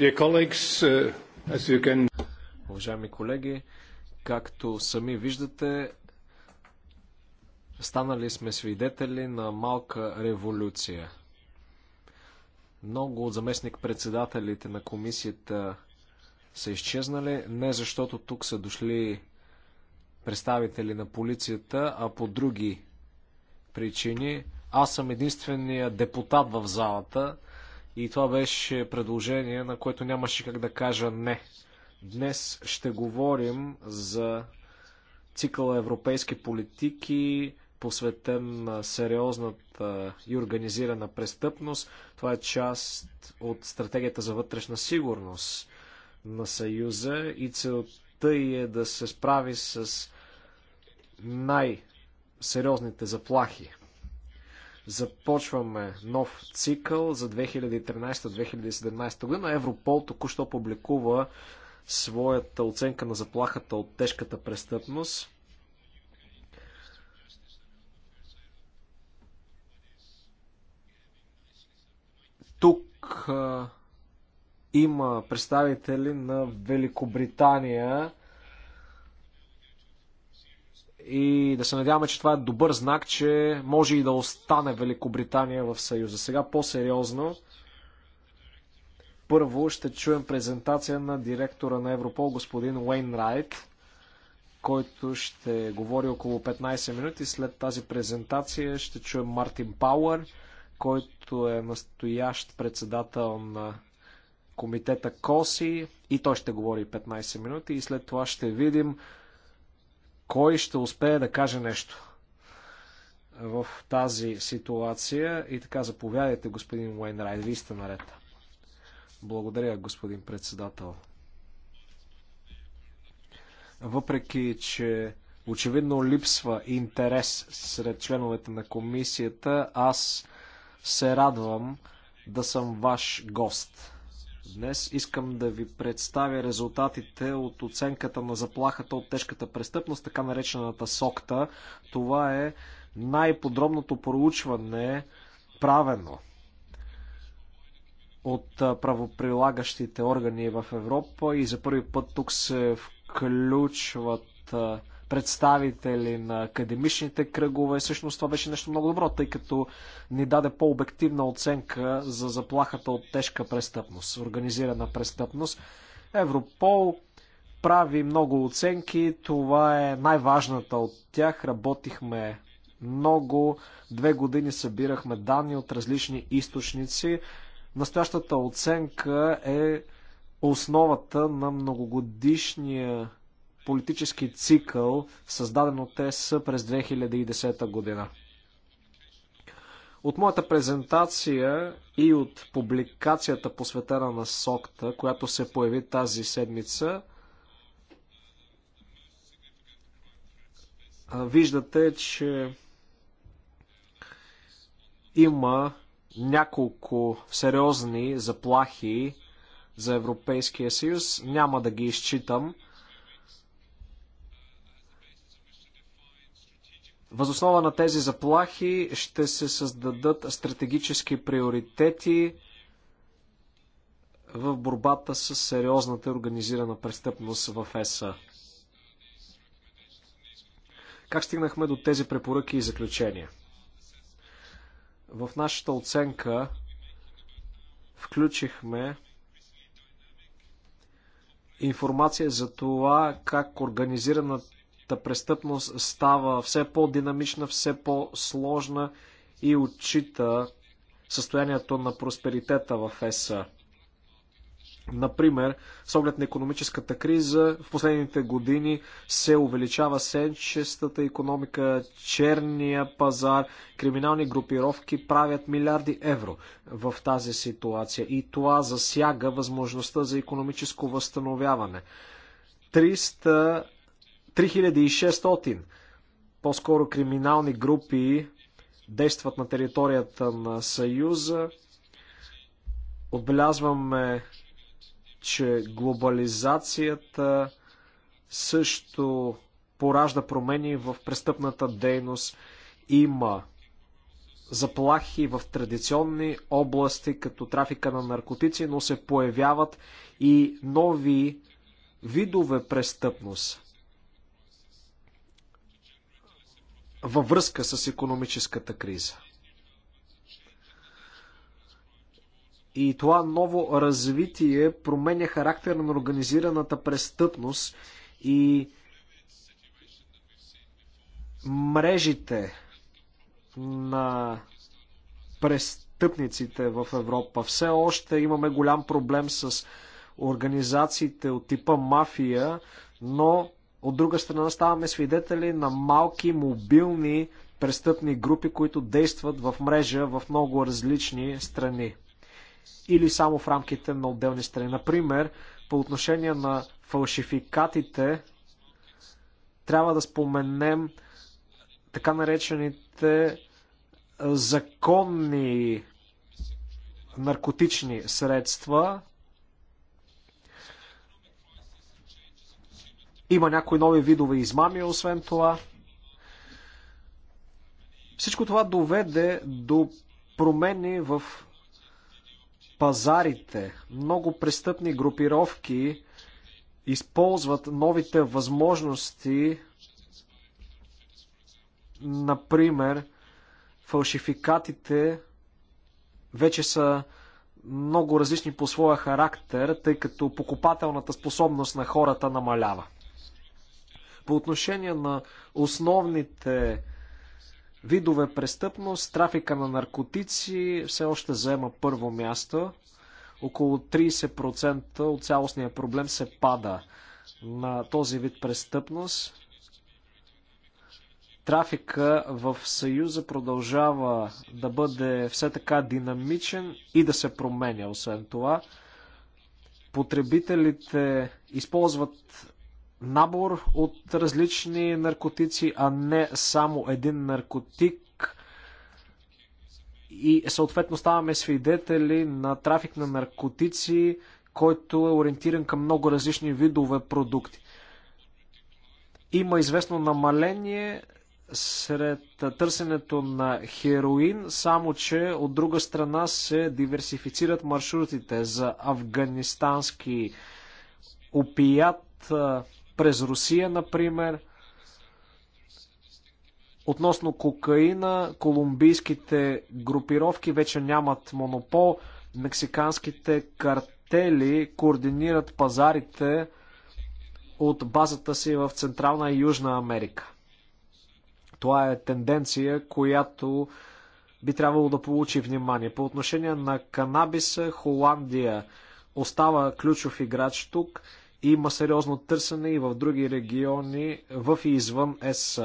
Uh, can... Уважаеми колеги, както сами виждате, станали сме свидетели на малка революция. Много от заместник-председателите на комисията са изчезнали, не защото тук са дошли представители на полицията, а по други причини. Аз съм единствения депутат в залата, и това беше предложение, на което нямаше как да кажа не. Днес ще говорим за цикъла европейски политики, посветен на сериозната и организирана престъпност. Това е част от стратегията за вътрешна сигурност на Съюза и целта е да се справи с най- сериозните заплахи Започваме нов цикъл за 2013-2017 година. Европол току-що публикува своята оценка на заплахата от тежката престъпност. Тук а, има представители на Великобритания и да се надяваме, че това е добър знак, че може и да остане Великобритания в Съюза. Сега по-сериозно. Първо ще чуем презентация на директора на Европол, господин Уейн Райт, който ще говори около 15 минути. След тази презентация ще чуем Мартин Пауър, който е настоящ председател на комитета КОСИ и той ще говори 15 минути и след това ще видим кой ще успее да каже нещо в тази ситуация. И така, заповядайте, господин Уайнрайт, вие сте наред. Благодаря, господин председател. Въпреки, че очевидно липсва интерес сред членовете на комисията, аз се радвам да съм ваш гост днес. Искам да ви представя резултатите от оценката на заплахата от тежката престъпност, така наречената СОКТА. Това е най-подробното проучване правено от правоприлагащите органи в Европа и за първи път тук се включват представители на академичните кръгове. Всъщност това беше нещо много добро, тъй като ни даде по-обективна оценка за заплахата от тежка престъпност, организирана престъпност. Европол прави много оценки, това е най-важната от тях. Работихме много, две години събирахме данни от различни източници. Настоящата оценка е основата на многогодишния политически цикъл, създаден от ЕС през 2010 година. От моята презентация и от публикацията посветена на СОКТА, която се появи тази седмица, виждате, че има няколко сериозни заплахи за Европейския съюз. Няма да ги изчитам. Възоснова на тези заплахи ще се създадат стратегически приоритети в борбата с сериозната организирана престъпност в ЕСА. Как стигнахме до тези препоръки и заключения? В нашата оценка включихме информация за това как организираната престъпност става все по-динамична, все по-сложна и отчита състоянието на просперитета в ЕСА. Например, с оглед на економическата криза, в последните години се увеличава сенчестата економика, черния пазар, криминални групировки правят милиарди евро в тази ситуация и това засяга възможността за економическо възстановяване. 300 3600 по-скоро криминални групи действат на територията на Съюза. Отбелязваме, че глобализацията също поражда промени в престъпната дейност. Има заплахи в традиционни области, като трафика на наркотици, но се появяват и нови видове престъпност. във връзка с економическата криза. И това ново развитие променя характера на организираната престъпност и мрежите на престъпниците в Европа. Все още имаме голям проблем с организациите от типа мафия, но от друга страна ставаме свидетели на малки мобилни престъпни групи, които действат в мрежа в много различни страни. Или само в рамките на отделни страни. Например, по отношение на фалшификатите, трябва да споменем така наречените законни наркотични средства. Има някои нови видове измами, освен това. Всичко това доведе до промени в пазарите. Много престъпни групировки използват новите възможности, например, фалшификатите вече са много различни по своя характер, тъй като покупателната способност на хората намалява. По отношение на основните видове престъпност, трафика на наркотици все още заема първо място. Около 30% от цялостния проблем се пада на този вид престъпност. Трафика в Съюза продължава да бъде все така динамичен и да се променя. Освен това, потребителите използват набор от различни наркотици, а не само един наркотик. И съответно ставаме свидетели на трафик на наркотици, който е ориентиран към много различни видове продукти. Има известно намаление сред търсенето на хероин, само че от друга страна се диверсифицират маршрутите за афганистански опият, през Русия, например. Относно кокаина, колумбийските групировки вече нямат монопол. Мексиканските картели координират пазарите от базата си в Централна и Южна Америка. Това е тенденция, която би трябвало да получи внимание. По отношение на канабиса, Холандия остава ключов играч тук. Има сериозно търсене и в други региони, в и извън ЕС.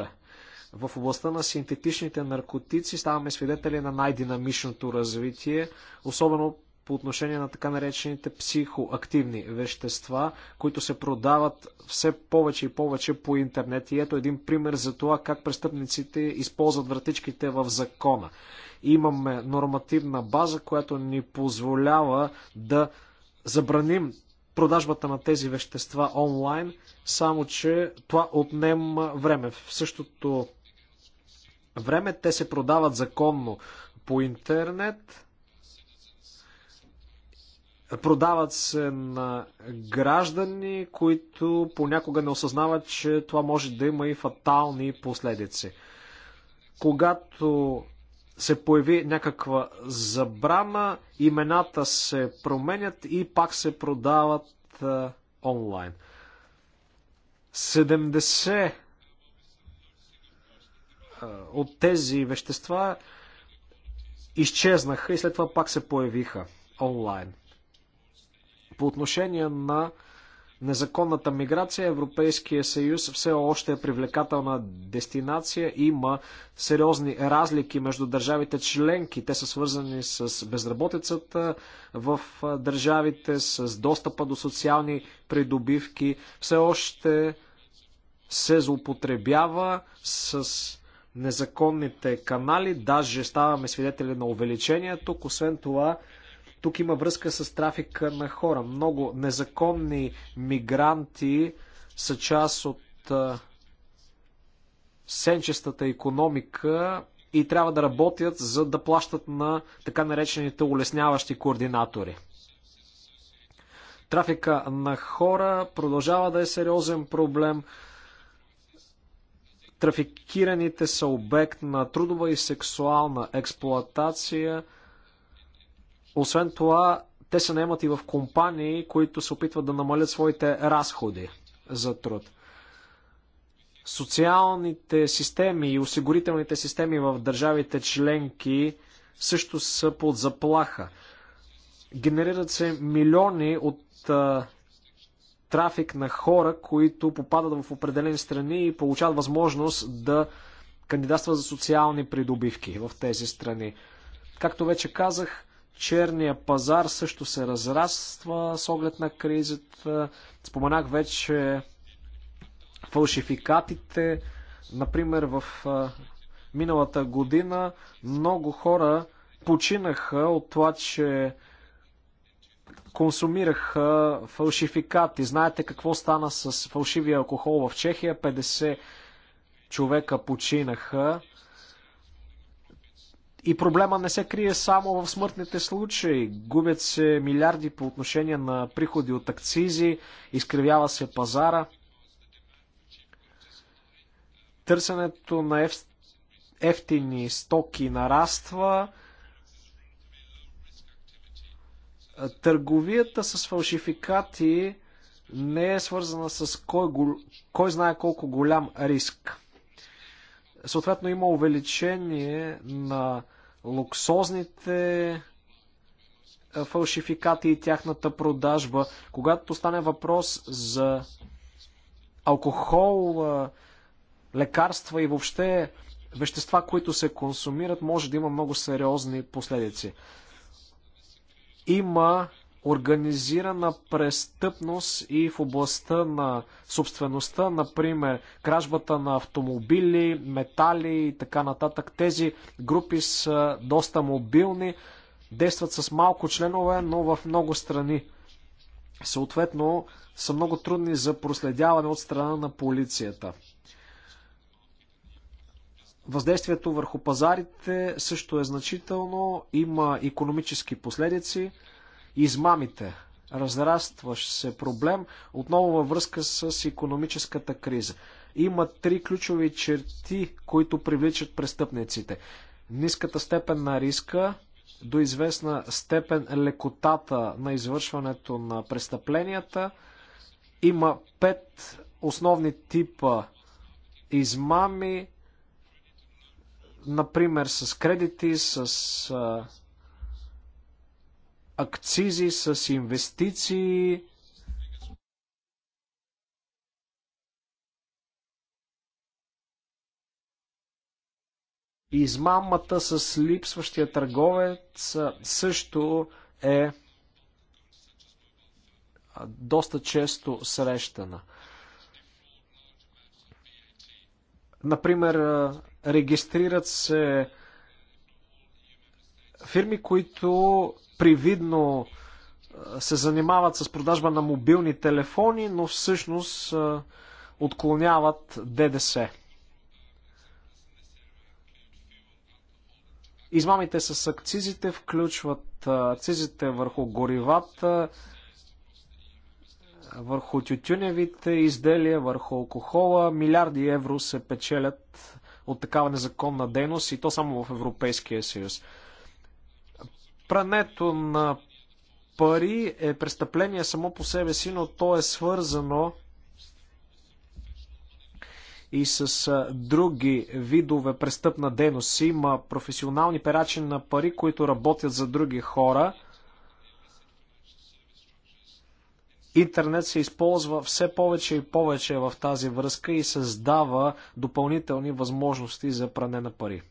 В областта на синтетичните наркотици ставаме свидетели на най-динамичното развитие, особено по отношение на така наречените психоактивни вещества, които се продават все повече и повече по интернет. И ето един пример за това как престъпниците използват вратичките в закона. Имаме нормативна база, която ни позволява да забраним продажбата на тези вещества онлайн, само че това отнема време. В същото време те се продават законно по интернет, продават се на граждани, които понякога не осъзнават, че това може да има и фатални последици. Когато се появи някаква забрана, имената се променят и пак се продават а, е, онлайн. 70 а, е, от тези вещества изчезнаха и след това пак се появиха онлайн. По отношение на а, незаконната миграция, Европейския съюз все още е привлекателна дестинация. Има сериозни разлики между държавите членки. Те са свързани с безработицата в държавите, с достъпа до социални придобивки. Все още се злоупотребява с незаконните канали. Даже ставаме свидетели на увеличение тук. Освен това, тук има връзка с трафика на хора. Много незаконни мигранти са част от сенчестата економика и трябва да работят, за да плащат на така наречените улесняващи координатори. Трафика на хора продължава да е сериозен проблем. Трафикираните са обект на трудова и сексуална експлоатация – освен това, те се наемат и в компании, които се опитват да намалят своите разходи за труд. Социалните системи и осигурителните системи в държавите членки също са под заплаха. Генерират се милиони от а, трафик на хора, които попадат в определени страни и получават възможност да кандидатстват за социални придобивки в тези страни. Както вече казах, черния пазар също се разраства с оглед на кризата. Споменах вече фалшификатите. Например, в миналата година много хора починаха от това, че консумираха фалшификати. Знаете какво стана с фалшивия алкохол в Чехия? 50 човека починаха. И проблема не се крие само в смъртните случаи. Губят се милиарди по отношение на приходи от акцизи, изкривява се пазара. Търсенето на ефтини стоки нараства. Търговията с фалшификати не е свързана с кой, кой знае колко голям риск съответно има увеличение на луксозните фалшификати и тяхната продажба. Когато стане въпрос за алкохол, лекарства и въобще вещества, които се консумират, може да има много сериозни последици. Има организирана престъпност и в областта на собствеността, например кражбата на автомобили, метали и така нататък. Тези групи са доста мобилни, действат с малко членове, но в много страни. Съответно, са много трудни за проследяване от страна на полицията. Въздействието върху пазарите също е значително, има економически последици измамите. Разрастващ се проблем отново във връзка с економическата криза. Има три ключови черти, които привличат престъпниците. Ниската степен на риска, до известна степен лекотата на извършването на престъпленията. Има пет основни типа измами, например с кредити, с акцизи, с инвестиции. Измамата с липсващия търговец също е доста често срещана. Например, регистрират се фирми, които привидно се занимават с продажба на мобилни телефони, но всъщност отклоняват ДДС. Измамите с акцизите включват акцизите върху горивата, върху тютюневите изделия, върху алкохола. Милиарди евро се печелят от такава незаконна дейност и то само в Европейския съюз. Прането на пари е престъпление само по себе си, но то е свързано и с други видове престъпна дейност. Има професионални перачи на пари, които работят за други хора. Интернет се използва все повече и повече в тази връзка и създава допълнителни възможности за пране на пари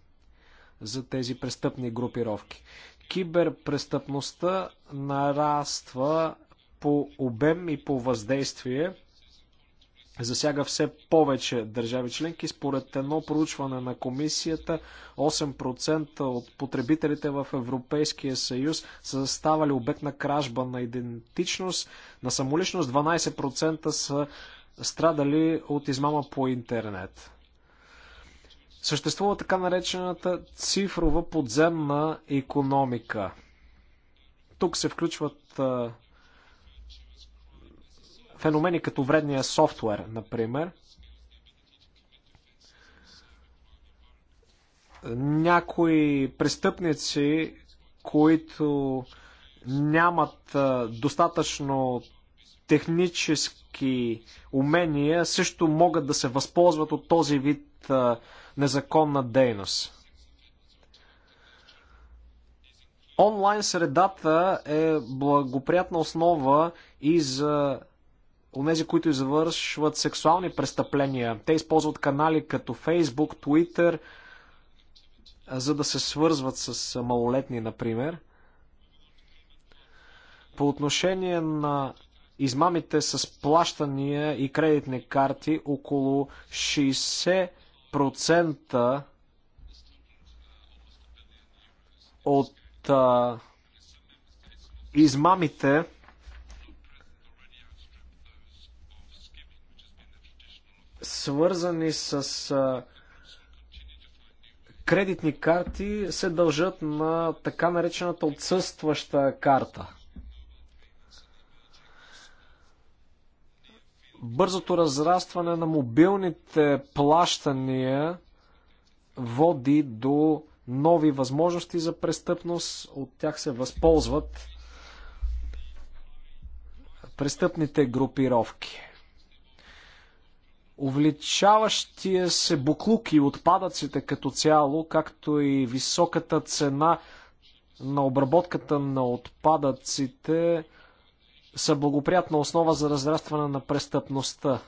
за тези престъпни групировки. Киберпрестъпността нараства по обем и по въздействие. Засяга все повече държави членки. Според едно проучване на комисията, 8% от потребителите в Европейския съюз са ставали обект на кражба на идентичност, на самоличност, 12% са страдали от измама по интернет. Съществува така наречената цифрова подземна економика. Тук се включват феномени като вредния софтуер, например. Някои престъпници, които нямат достатъчно технически умения, също могат да се възползват от този вид незаконна дейност. Онлайн средата е благоприятна основа и за Онези, които извършват сексуални престъпления, те използват канали като Facebook, Twitter, за да се свързват с малолетни, например. По отношение на измамите с плащания и кредитни карти, около 60 процента от а, измамите свързани с а, кредитни карти се дължат на така наречената отсъстваща карта. бързото разрастване на мобилните плащания води до нови възможности за престъпност. От тях се възползват престъпните групировки. Увеличаващия се буклук и отпадъците като цяло, както и високата цена на обработката на отпадъците, са благоприятна основа за разрастване на престъпността.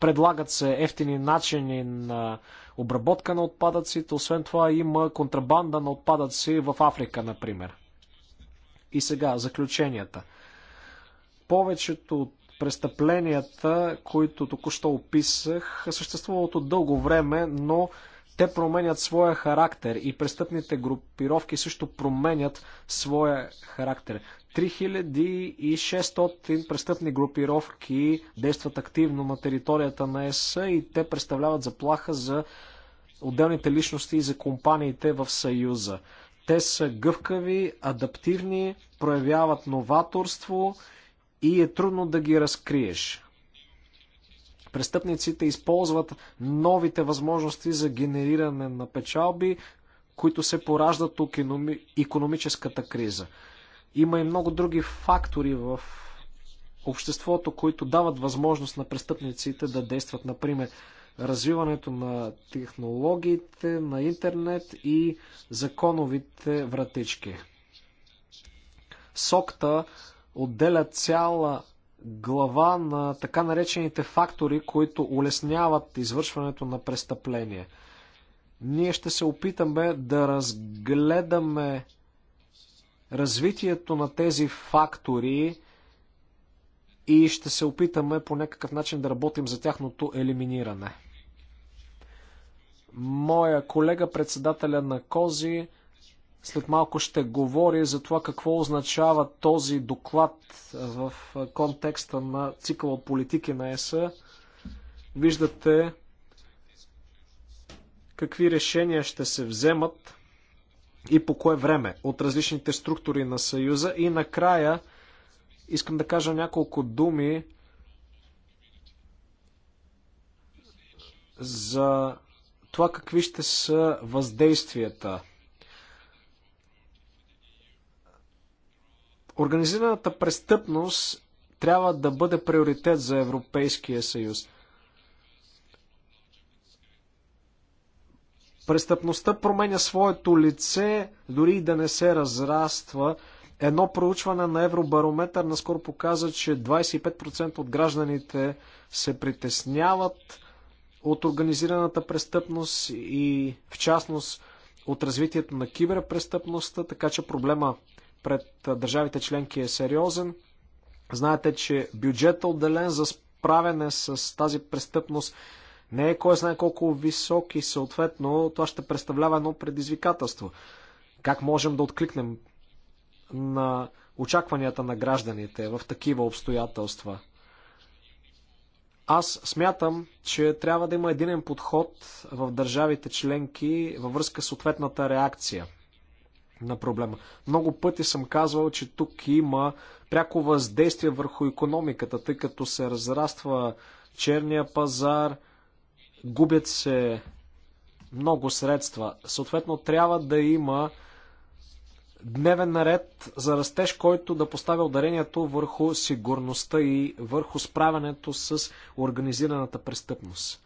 Предлагат се ефтини начини на обработка на отпадъците, освен това има контрабанда на отпадъци в Африка, например. И сега, заключенията. Повечето от престъпленията, които току-що описах, съществуват от дълго време, но те променят своя характер и престъпните групировки също променят своя характер. 3600 престъпни групировки действат активно на територията на ЕС и те представляват заплаха за отделните личности и за компаниите в Съюза. Те са гъвкави, адаптивни, проявяват новаторство и е трудно да ги разкриеш. Престъпниците използват новите възможности за генериране на печалби, които се пораждат от економическата криза. Има и много други фактори в обществото, които дават възможност на престъпниците да действат. Например, развиването на технологиите, на интернет и законовите вратички. Сокта отделя цяла глава на така наречените фактори, които улесняват извършването на престъпление. Ние ще се опитаме да разгледаме развитието на тези фактори и ще се опитаме по някакъв начин да работим за тяхното елиминиране. Моя колега, председателя на Кози, след малко ще говори за това какво означава този доклад в контекста на цикъл от политики на ЕСА. Виждате какви решения ще се вземат и по кое време от различните структури на Съюза. И накрая искам да кажа няколко думи за това какви ще са въздействията. Организираната престъпност трябва да бъде приоритет за Европейския съюз. Престъпността променя своето лице, дори и да не се разраства. Едно проучване на Евробарометър наскоро показа, че 25% от гражданите се притесняват от организираната престъпност и в частност от развитието на киберпрестъпността, така че проблема пред държавите членки е сериозен. Знаете, че бюджета е отделен за справяне с тази престъпност не е кой знае колко висок и съответно това ще представлява едно предизвикателство. Как можем да откликнем на очакванията на гражданите в такива обстоятелства? Аз смятам, че трябва да има единен подход в държавите членки във връзка с ответната реакция на проблема. Много пъти съм казвал, че тук има пряко въздействие върху економиката, тъй като се разраства черния пазар, губят се много средства. Съответно, трябва да има дневен наред за растеж, който да поставя ударението върху сигурността и върху справянето с организираната престъпност.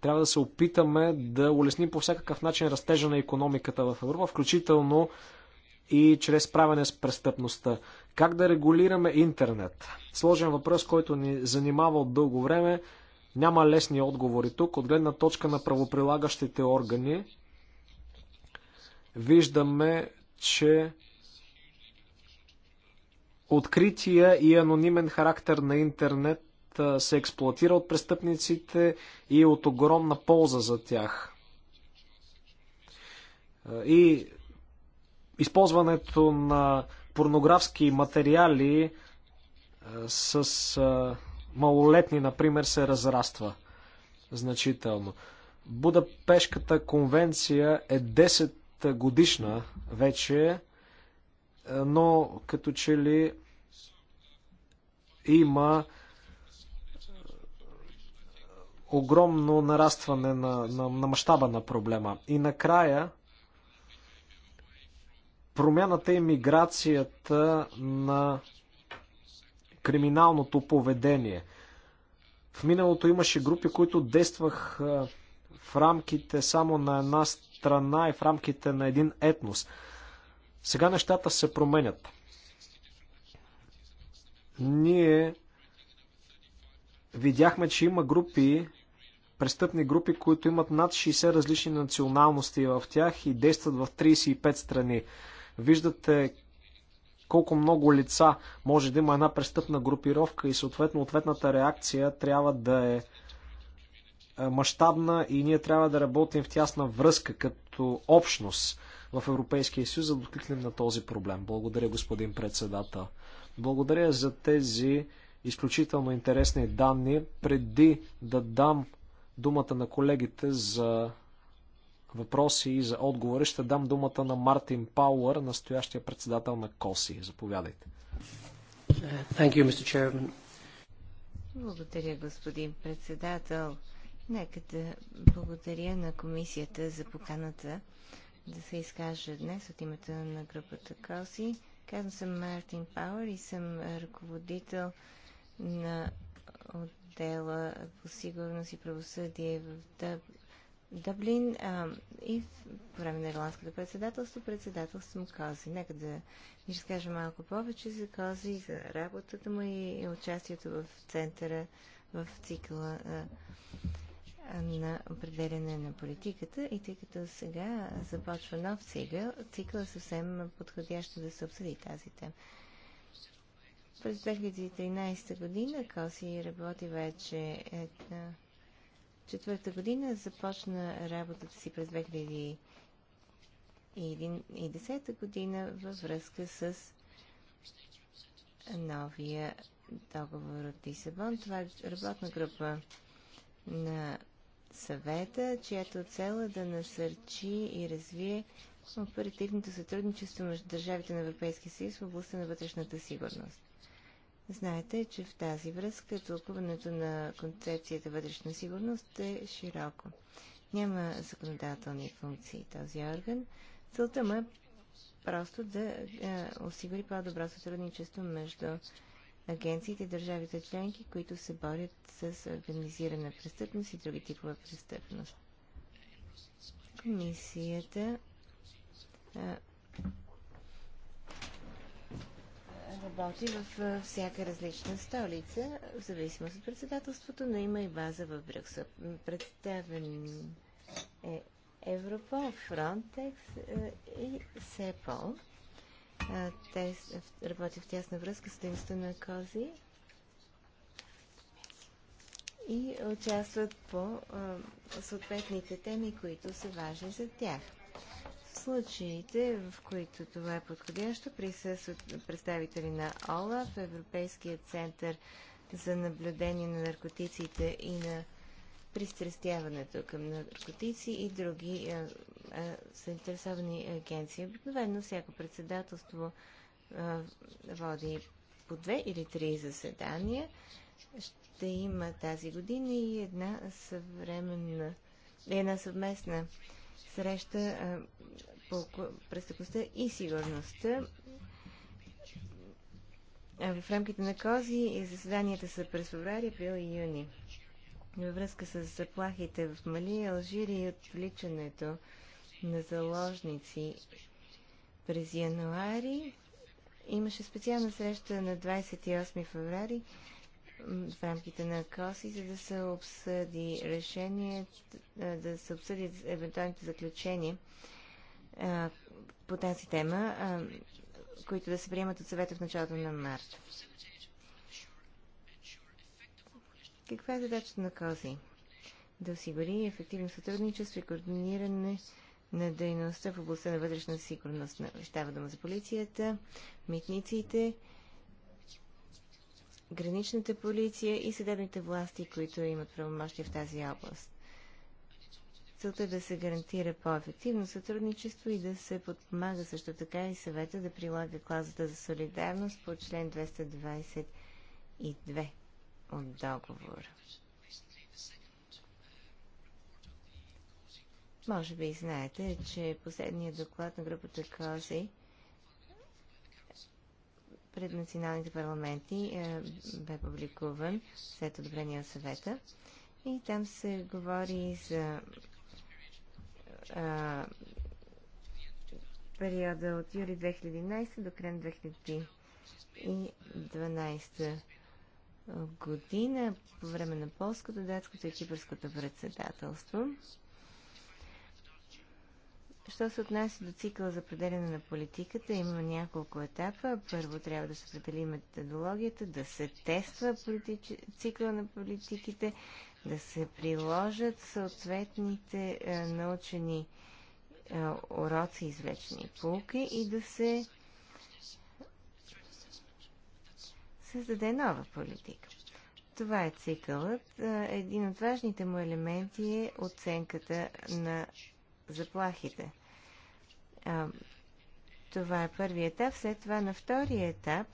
Трябва да се опитаме да улесним по всякакъв начин растежа на економиката в Европа, включително и чрез справяне с престъпността. Как да регулираме интернет? Сложен въпрос, който ни занимава от дълго време. Няма лесни отговори тук. От гледна точка на правоприлагащите органи виждаме, че открития и анонимен характер на интернет се експлуатира от престъпниците и от огромна полза за тях. И използването на порнографски материали с малолетни, например, се разраства значително. Будапешката конвенция е 10 годишна вече, е, но като че ли има е, огромно нарастване на, на, на мащаба на проблема. И накрая промяната и миграцията на криминалното поведение. В миналото имаше групи, които действах в рамките само на една страна и в рамките на един етнос. Сега нещата се променят. Ние видяхме, че има групи, престъпни групи, които имат над 60 различни националности в тях и действат в 35 страни. Виждате колко много лица може да има една престъпна групировка и съответно ответната реакция трябва да е, е мащабна и ние трябва да работим в тясна връзка като общност в Европейския съюз, за да откликнем на този проблем. Благодаря, господин председател. Благодаря за тези изключително интересни данни. Преди да дам думата на колегите за въпроси и за отговори, ще дам думата на Мартин Пауър, настоящия председател на КОСИ. Заповядайте. You, Благодаря, господин председател. Нека да благодаря на комисията за поканата да се изкажа днес от името на групата КОСИ. Казвам съм Мартин Пауър и съм ръководител на отдела по сигурност и правосъдие в Дъблин а, и по време на ирландското председателство председателство му Кози. Нека да ви разкажа малко повече за Кози, за работата му и участието в центъра, в цикъла а, на определене на политиката. И тъй като сега започва нов цикъл, цикъл е съвсем подходящо да се обсъди тази тема. През 2013 година Коси работи вече една Четвърта година започна работата си през 2010 година във връзка с новия договор от Лисабон. Това е работна група на съвета, чиято цел е да насърчи и развие оперативното сътрудничество между държавите на Европейския съюз в областта на вътрешната сигурност. Знаете, че в тази връзка тълкуването на концепцията вътрешна сигурност е широко. Няма законодателни функции този орган. Целта му е просто да е, осигури по-добро сътрудничество между агенциите и държавите членки, които се борят с организирана престъпност и други типове престъпност. Комисията е, работи в всяка различна столица, в зависимост от председателството, но има и база в Брюксел. Представен е Европол, Frontex и СЕПОЛ. Те работят в тясна връзка с дейността на Кози и участват по съответните теми, които са важни за тях случаите, в които това е подходящо, присъстват представители на ОЛАФ, Европейския център за наблюдение на наркотиците и на пристрастяването към наркотици и други е, е, а, а, заинтересовани агенции. Обикновено всяко председателство а, е, води по две или три заседания. Ще има тази година и една съвременна, една съвместна среща престъпността и сигурността. В рамките на КОЗИ заседанията са през феврари, април и юни. Във връзка с заплахите в Мали, Алжири и отвличането на заложници през януари имаше специална среща на 28 феврари в рамките на КОСИ, за да се обсъди решение, да се обсъди евентуалните заключения по тази тема, които да се приемат от съвета в началото на март. Каква е задачата на КОЗИ? Да осигури ефективно сътрудничество и координиране на дейността в областта на вътрешна сигурност Става дума за полицията, митниците, граничната полиция и съдебните власти, които имат правомощия в тази област. Целта е да се гарантира по-ефективно сътрудничество и да се подпомага също така и съвета да прилага Клазата за солидарност по член 222 от договора. Може би знаете, че последният доклад на групата КОЗИ пред националните парламенти е, бе публикуван след одобрение на съвета. И там се говори за периода от юли 2011 до края 2012 година по време на полското, датското и кипърското председателство. Що се отнася до цикъла за определяне на политиката, има няколко етапа. Първо трябва да се определи методологията, да се тества политич... цикъла на политиките, да се приложат съответните е, научени е, уроци, извлечени полки и да се създаде нова политика. Това е цикълът. Е, един от важните му елементи е оценката на заплахите. Това е първият етап. След това на втория етап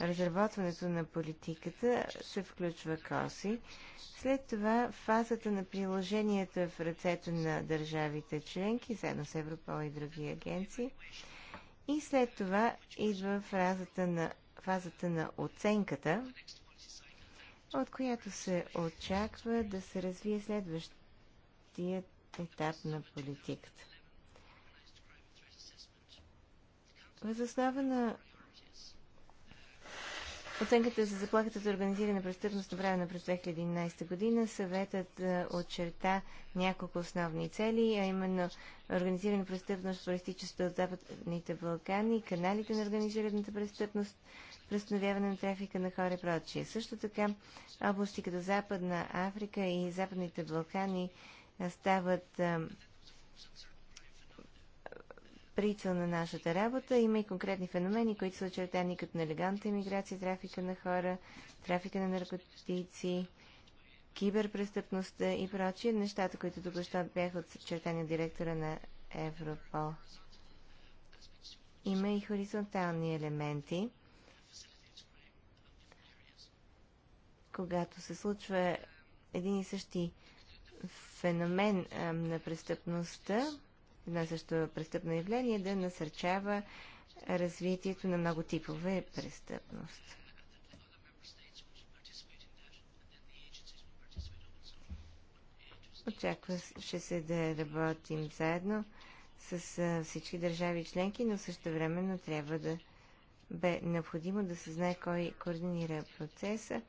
разработването на политиката се включва КОСИ. След това фазата на приложението е в ръцето на държавите членки, заедно с Европол и други агенции. И след това идва фазата на, фазата на оценката, от която се очаква да се развие следващият етап на политиката. Възоснова на Оценката за заплахата за организирана престъпност, направена през 2011 година, съветът очерта няколко основни цели, а именно организирана престъпност, туристическа от Западните Балкани, каналите на организираната престъпност, престановяване на трафика на хора и прочие. Също така, области като Западна Африка и Западните Балкани стават прицел на нашата работа. Има и конкретни феномени, които са очертани като нелегалната иммиграция, трафика на хора, трафика на наркотици, киберпрестъпността и прочие. Нещата, които току-що бяха очертани от директора на Европол. Има и хоризонтални елементи. Когато се случва един и същи феномен а, на престъпността, едно също престъпно явление, да насърчава развитието на много типове престъпност. Очакваше се да работим заедно с всички държави членки, но също времено трябва да бе необходимо да се знае кой координира процеса.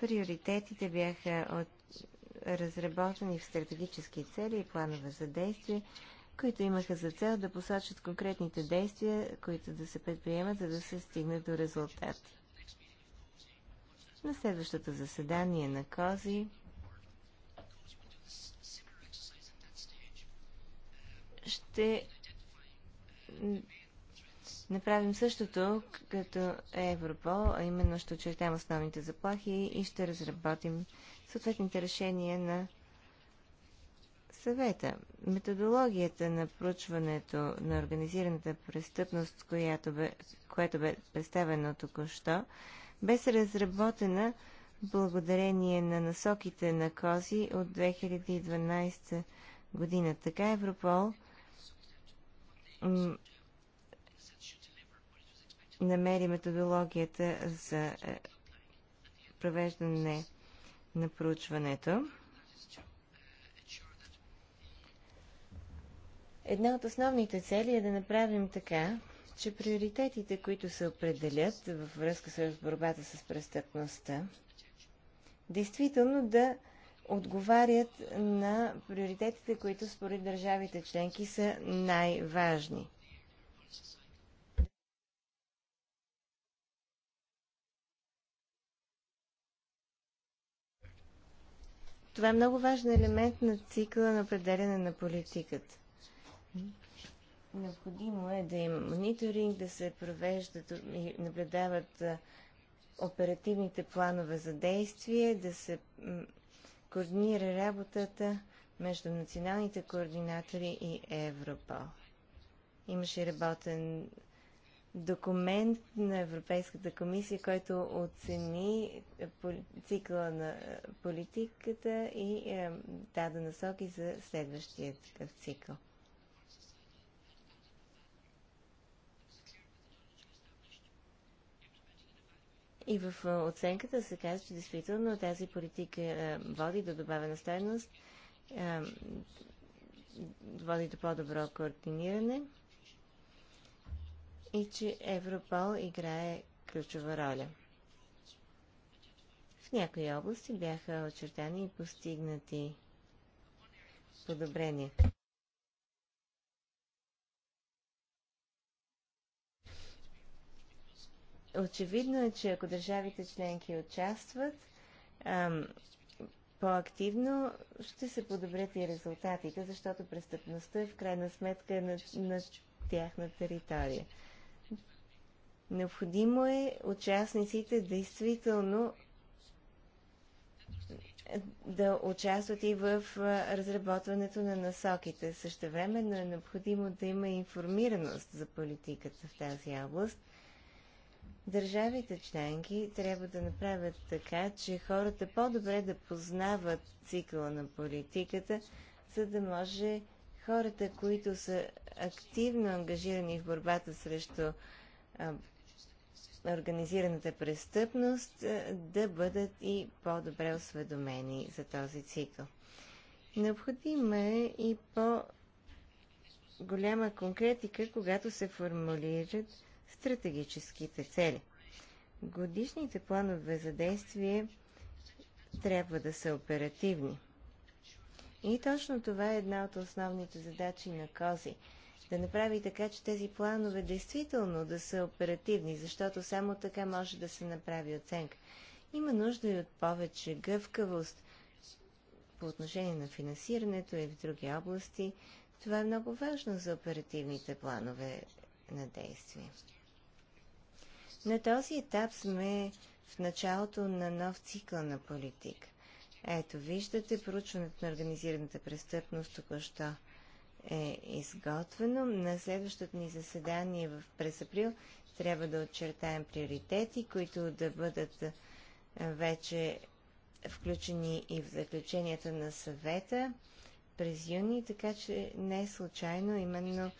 Приоритетите бяха от разработени в стратегически цели и планове за действие, които имаха за цел да посочат конкретните действия, които да се предприемат, за да се стигне до резултат. На следващото заседание на Кози ще направим същото като Европол, а именно ще очертаем основните заплахи и ще разработим съответните решения на съвета. Методологията на проучването на организираната престъпност, която бе, което бе представено току-що, бе се разработена благодарение на насоките на КОЗИ от 2012 година. Така Европол намери методологията за е, провеждане на проучването. Една от основните цели е да направим така, че приоритетите, които се определят във връзка с борбата с престъпността, действително да отговарят на приоритетите, които според държавите членки са най-важни. Това е много важен елемент на цикъла на определяне на политиката. Необходимо е да има мониторинг, да се провеждат и наблюдават оперативните планове за действие, да се координира работата между националните координатори и Европол. Имаше работен документ на Европейската комисия, който оцени е, цикъла на е, политиката и е, даде насоки за следващия такъв цикъл. И в оценката се казва, че действително тази политика води до добавена стоеност, води до по-добро координиране и че Европол играе ключова роля. В някои области бяха очертани и постигнати подобрения. Очевидно е, че ако държавите членки участват по-активно, ще се подобрят и резултатите, защото престъпността е в крайна сметка на, на тяхна територия. Необходимо е участниците действително да участват и в разработването на насоките. Същевременно е необходимо да има информираност за политиката в тази област Държавите членки трябва да направят така, че хората по-добре да познават цикъла на политиката, за да може хората, които са активно ангажирани в борбата срещу а, организираната престъпност, да бъдат и по-добре осведомени за този цикъл. Необходима е и по-голяма конкретика, когато се формулират стратегическите цели. Годишните планове за действие трябва да са оперативни. И точно това е една от основните задачи на Кози да направи така, че тези планове действително да са оперативни, защото само така може да се направи оценка. Има нужда и от повече гъвкавост по отношение на финансирането и в други области. Това е много важно за оперативните планове на действие. На този етап сме в началото на нов цикъл на политика. Ето, виждате, проучването на организираната престъпност току-що е изготвено. На следващото ни заседание в през април трябва да очертаем приоритети, които да бъдат вече включени и в заключенията на съвета през юни, така че не е случайно именно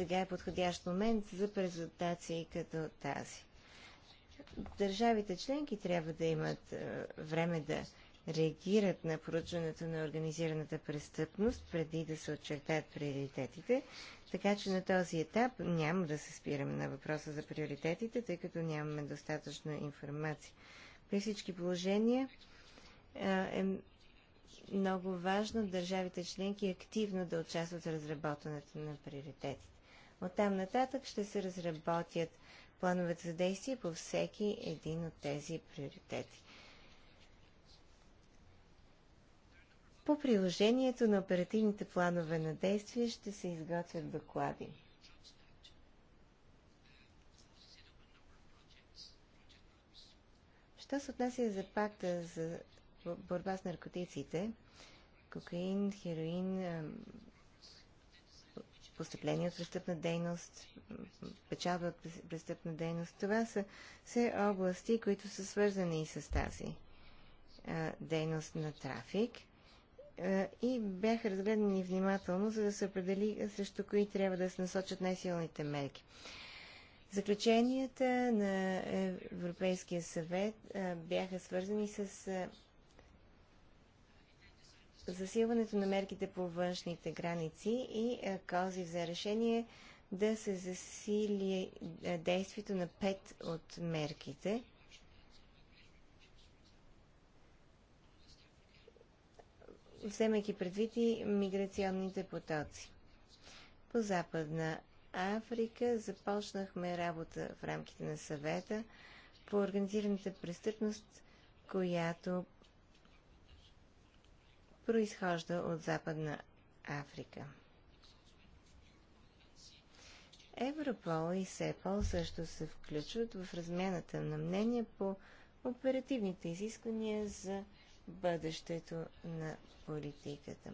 сега е подходящ момент за презентации като тази. Държавите членки трябва да имат е, време да реагират на поручването на организираната престъпност преди да се очертаят приоритетите. Така че на този етап няма да се спираме на въпроса за приоритетите, тъй като нямаме достатъчно информация. При всички положения е, е много важно държавите членки активно да участват в разработването на приоритетите. Оттам нататък ще се разработят плановете за действие по всеки един от тези приоритети. По приложението на оперативните планове на действие ще се изготвят доклади. Що се отнася за пакта за борба с наркотиците, кокаин, хероин, постъпления от престъпна дейност, печалба от престъпна дейност. Това са все области, които са свързани и с тази а, дейност на трафик а, и бяха разгледани внимателно, за да се определи срещу кои трябва да се насочат най-силните мерки. Заключенията на Европейския съвет а, бяха свързани с засилването на мерките по външните граници и е, кози за решение да се засили е, действието на пет от мерките. вземайки предвид и миграционните потоци. По Западна Африка започнахме работа в рамките на съвета по организираната престъпност, която произхожда от Западна Африка. Европол и СЕПОЛ също се включват в размяната на мнения по оперативните изисквания за бъдещето на политиката.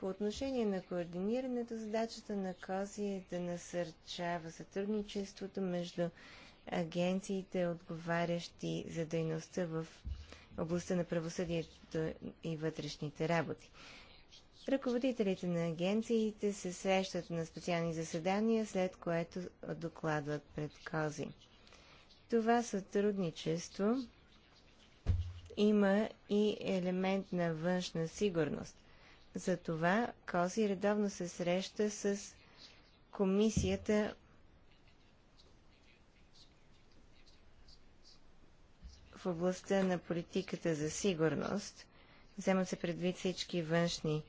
По отношение на координирането, задачата на КОЗИ е да насърчава сътрудничеството между агенциите, отговарящи за дейността в областта на правосъдието и вътрешните работи. Ръководителите на агенциите се срещат на специални заседания, след което докладват пред Кози. Това сътрудничество има и елемент на външна сигурност. Затова Кози редовно се среща с Комисията в областта на политиката за сигурност. Вземат се предвид всички външни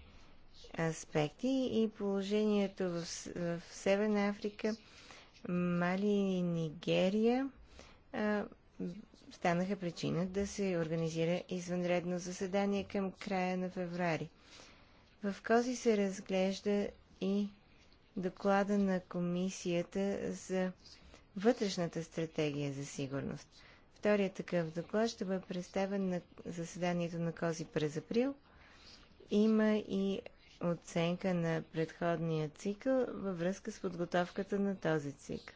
аспекти и положението в, в Северна Африка, Мали и Нигерия а, станаха причина да се организира извънредно заседание към края на феврари. В Кози се разглежда и доклада на Комисията за вътрешната стратегия за сигурност. Вторият такъв доклад ще бъде представен на заседанието на Кози през април. Има и оценка на предходния цикъл във връзка с подготовката на този цикъл.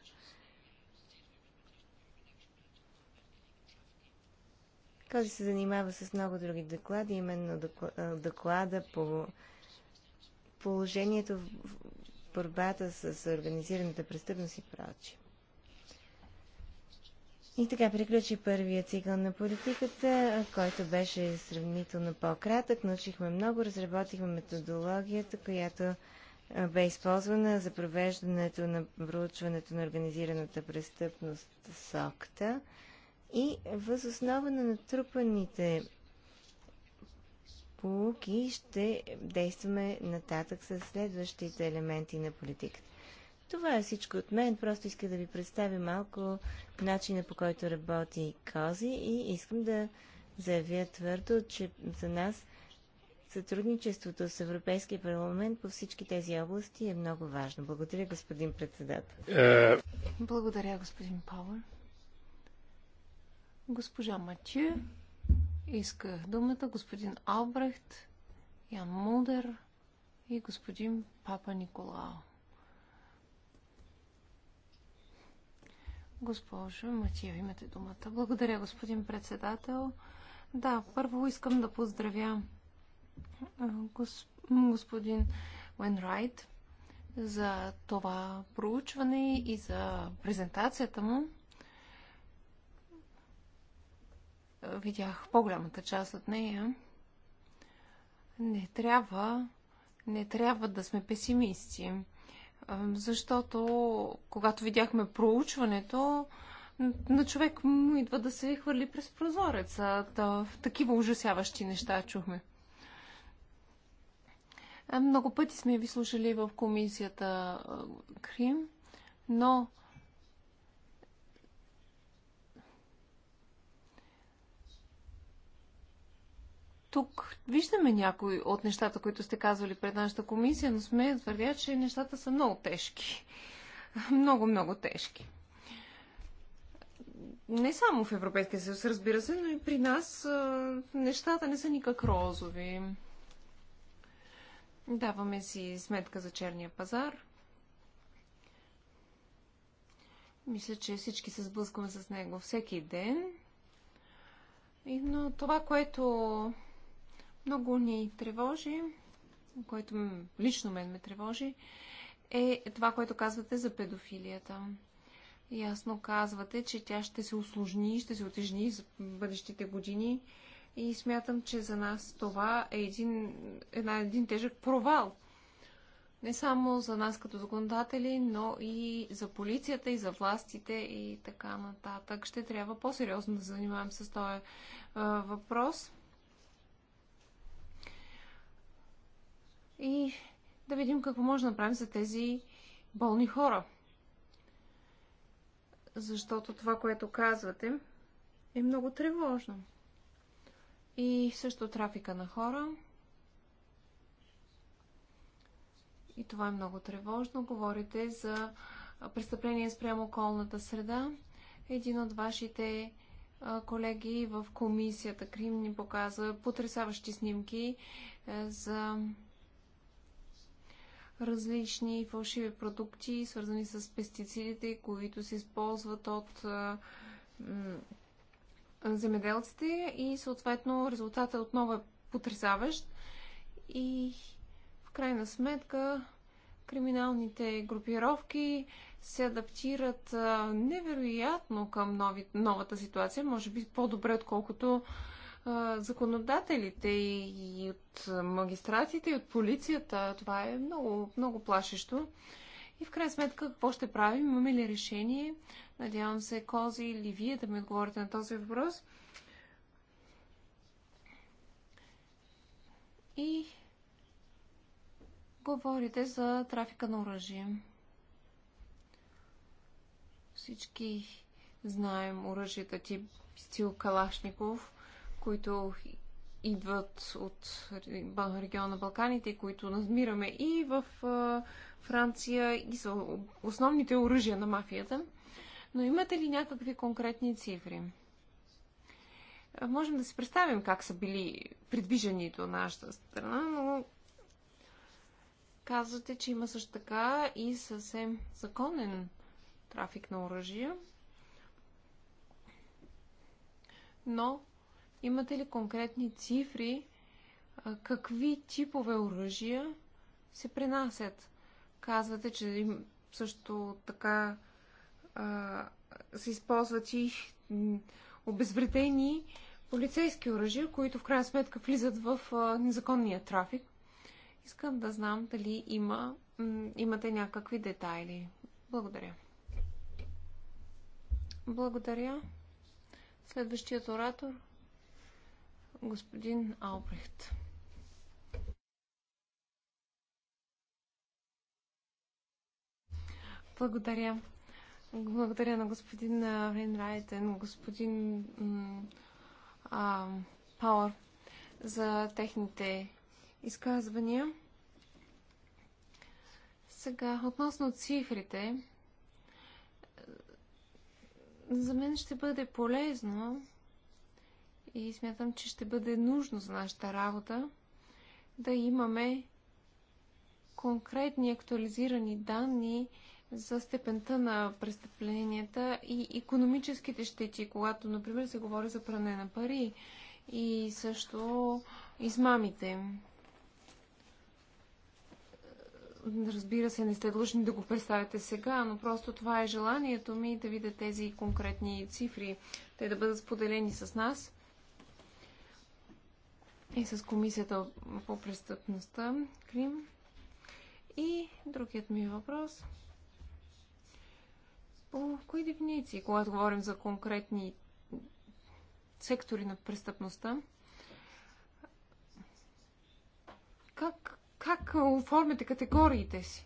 Кози се занимава с много други доклади, именно доклада по положението в борбата с организираната престъпност и прочие. И така приключи първия цикъл на политиката, който беше сравнително по-кратък. Научихме много, разработихме методологията, която бе използвана за провеждането на проучването на организираната престъпност СОКТА и възоснова на натрупаните полуки ще действаме нататък с следващите елементи на политиката. Това е всичко от мен. Просто иска да ви представя малко начина по който работи Кози и искам да заявя твърдо, че за нас сътрудничеството с Европейския парламент по всички тези области е много важно. Благодаря, господин председател. Е, Благодаря, господин Пауър. Госпожа Матю иска думата, господин Албрехт, Ян Мулдер и господин Папа Николао. Госпожо Матия, имате думата. Благодаря, господин председател. Да, първо искам да поздравя господин Уенрайт за това проучване и за презентацията му. Видях по-голямата част от нея. Не трябва, не трябва да сме песимисти защото когато видяхме проучването, на човек му идва да се хвърли през прозореца. Да, такива ужасяващи неща чухме. Много пъти сме ви слушали в комисията Крим, но Тук виждаме някои от нещата, които сте казвали пред нашата комисия, но сме твърдя, че нещата са много тежки. Много, много тежки. Не само в Европейския съюз, разбира се, но и при нас нещата не са никак розови. Даваме си сметка за черния пазар. Мисля, че всички се сблъскваме с него всеки ден. Но това, което много ни тревожи, което лично мен ме тревожи, е това, което казвате за педофилията. Ясно казвате, че тя ще се усложни, ще се отежни за бъдещите години и смятам, че за нас това е един, една, един тежък провал. Не само за нас като законодатели, но и за полицията, и за властите и така нататък. Ще трябва по-сериозно да занимавам с този въпрос – и да видим какво може да направим за тези болни хора. Защото това, което казвате, е много тревожно. И също трафика на хора. И това е много тревожно. Говорите за престъпление спрямо околната среда. Един от вашите колеги в комисията Крим ни показа потрясаващи снимки е, за различни фалшиви продукти, свързани с пестицидите, които се използват от земеделците и съответно резултатът отново е потрясаващ и в крайна сметка криминалните групировки се адаптират невероятно към нови, новата ситуация, може би по-добре отколкото законодателите и от магистратите, и от полицията. Това е много, много плашещо. И в крайна сметка, какво ще правим? Имаме ли решение? Надявам се, Кози или вие да ми отговорите на този въпрос. И говорите за трафика на оръжие. Всички знаем оръжията тип стил Калашников които идват от региона на Балканите, които намираме и в Франция, и са основните оръжия на мафията. Но имате ли някакви конкретни цифри? Можем да си представим как са били придвижени до нашата страна, но казвате, че има също така и съвсем законен трафик на оръжия. Но Имате ли конкретни цифри какви типове оръжия се принасят? Казвате, че също така се използват и обезвредени полицейски оръжия, които в крайна сметка влизат в незаконния трафик. Искам да знам дали има, имате някакви детайли. Благодаря. Благодаря. Следващият оратор. Господин Албрехт. Благодаря. Благодаря на господин Рин и господин Пауър за техните изказвания. Сега, относно цифрите, за мен ще бъде полезно и смятам, че ще бъде нужно за нашата работа да имаме конкретни актуализирани данни за степента на престъпленията и економическите щети, когато, например, се говори за пране на пари и също измамите. Разбира се, не сте длъжни да го представите сега, но просто това е желанието ми да видя тези конкретни цифри, те да бъдат споделени с нас и с Комисията по престъпността Крим. И другият ми въпрос. По кои дефиниции, когато говорим за конкретни сектори на престъпността, как, как оформяте категориите си?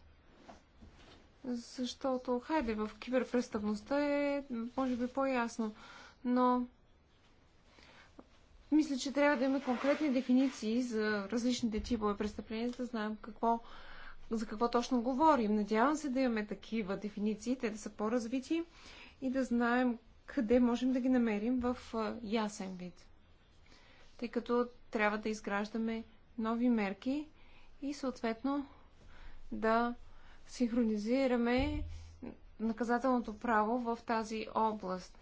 Защото, хайде, в киберпрестъпността е, може би, по-ясно. Но мисля, че трябва да има конкретни дефиниции за различните типове престъпления, за да знаем какво, за какво точно говорим. Надявам се да имаме такива дефиниции, те да са по-развити и да знаем къде можем да ги намерим в ясен вид. Тъй като трябва да изграждаме нови мерки и съответно да синхронизираме наказателното право в тази област.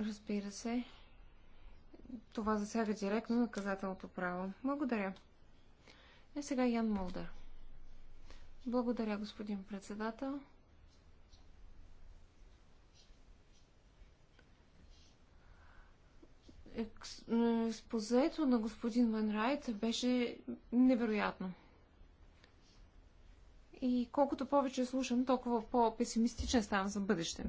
Разбира се. Това засяга директно наказателното право. Благодаря. Е сега Ян Молдър. Благодаря, господин председател. експозето на господин Манрайт беше невероятно. И колкото повече слушам, толкова по-песимистичен ставам за бъдеще.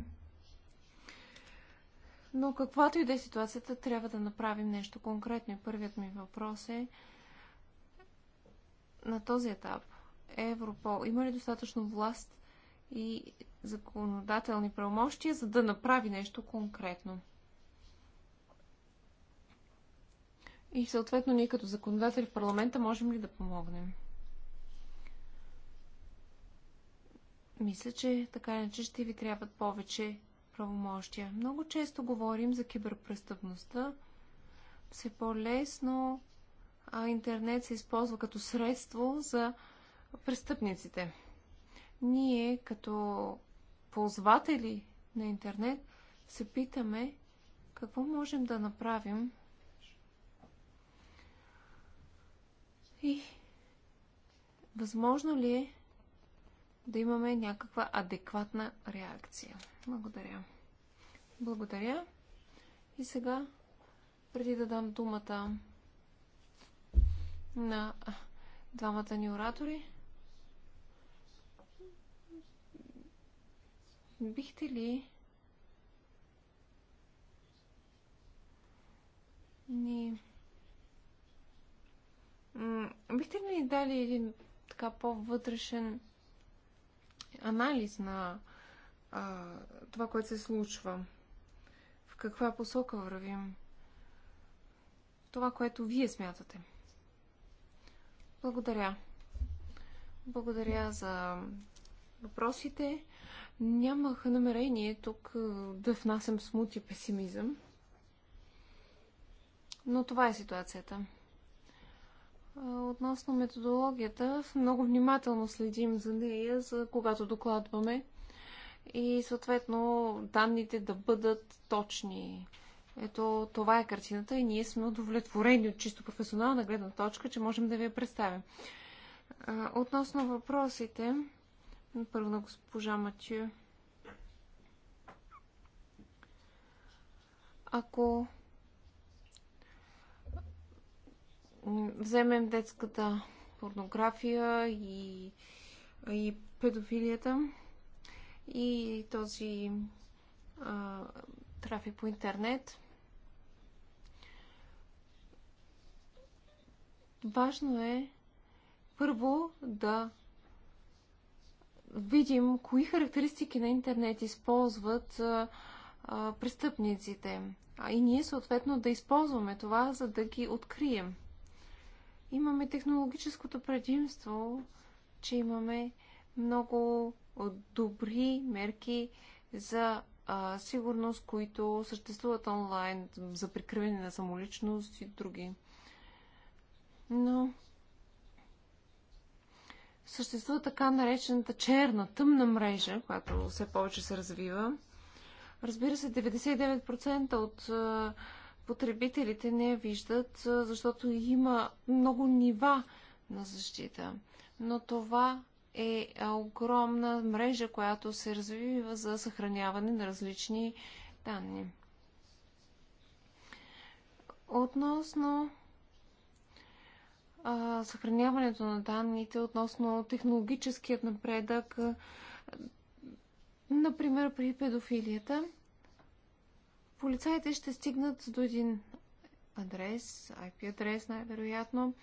Но каквато и да е ситуацията, трябва да направим нещо конкретно. И първият ми въпрос е на този етап Европол има ли достатъчно власт и законодателни правомощия, за да направи нещо конкретно? И съответно ние като законодатели в парламента можем ли да помогнем? Мисля, че така иначе ще ви трябват повече правомощия. Много често говорим за киберпрестъпността. Все по-лесно интернет се използва като средство за престъпниците. Ние като ползватели на интернет се питаме какво можем да направим и възможно ли е да имаме някаква адекватна реакция. Благодаря. Благодаря. И сега, преди да дам думата на двамата ни оратори, бихте ли ни... Бихте ли ни дали един така по-вътрешен анализ на а, това, което се случва. В каква посока вървим? Това, което вие смятате. Благодаря. Благодаря за въпросите. Нямах намерение тук да внасям смут и песимизъм. Но това е ситуацията. Относно методологията, много внимателно следим за нея, за когато докладваме и съответно данните да бъдат точни. Ето това е картината и ние сме удовлетворени от чисто професионална гледна точка, че можем да ви я представим. Относно въпросите, първо на госпожа Матю. Ако вземем детската порнография и, и педофилията, и този а, трафик по интернет. Важно е първо да видим кои характеристики на интернет използват а, а, престъпниците. А и ние съответно да използваме това, за да ги открием. Имаме технологическото предимство, че имаме много добри мерки за а, сигурност, които съществуват онлайн за прикриване на самоличност и други. Но съществува така наречената черна, тъмна мрежа, която все повече се развива. Разбира се, 99% от а, потребителите не я виждат, а, защото има много нива на защита. Но това е огромна мрежа, която се развива за съхраняване на различни данни. Относно а, съхраняването на данните, относно технологическият напредък, а, например при педофилията, полицаите ще стигнат до един адрес, IP адрес най-вероятно,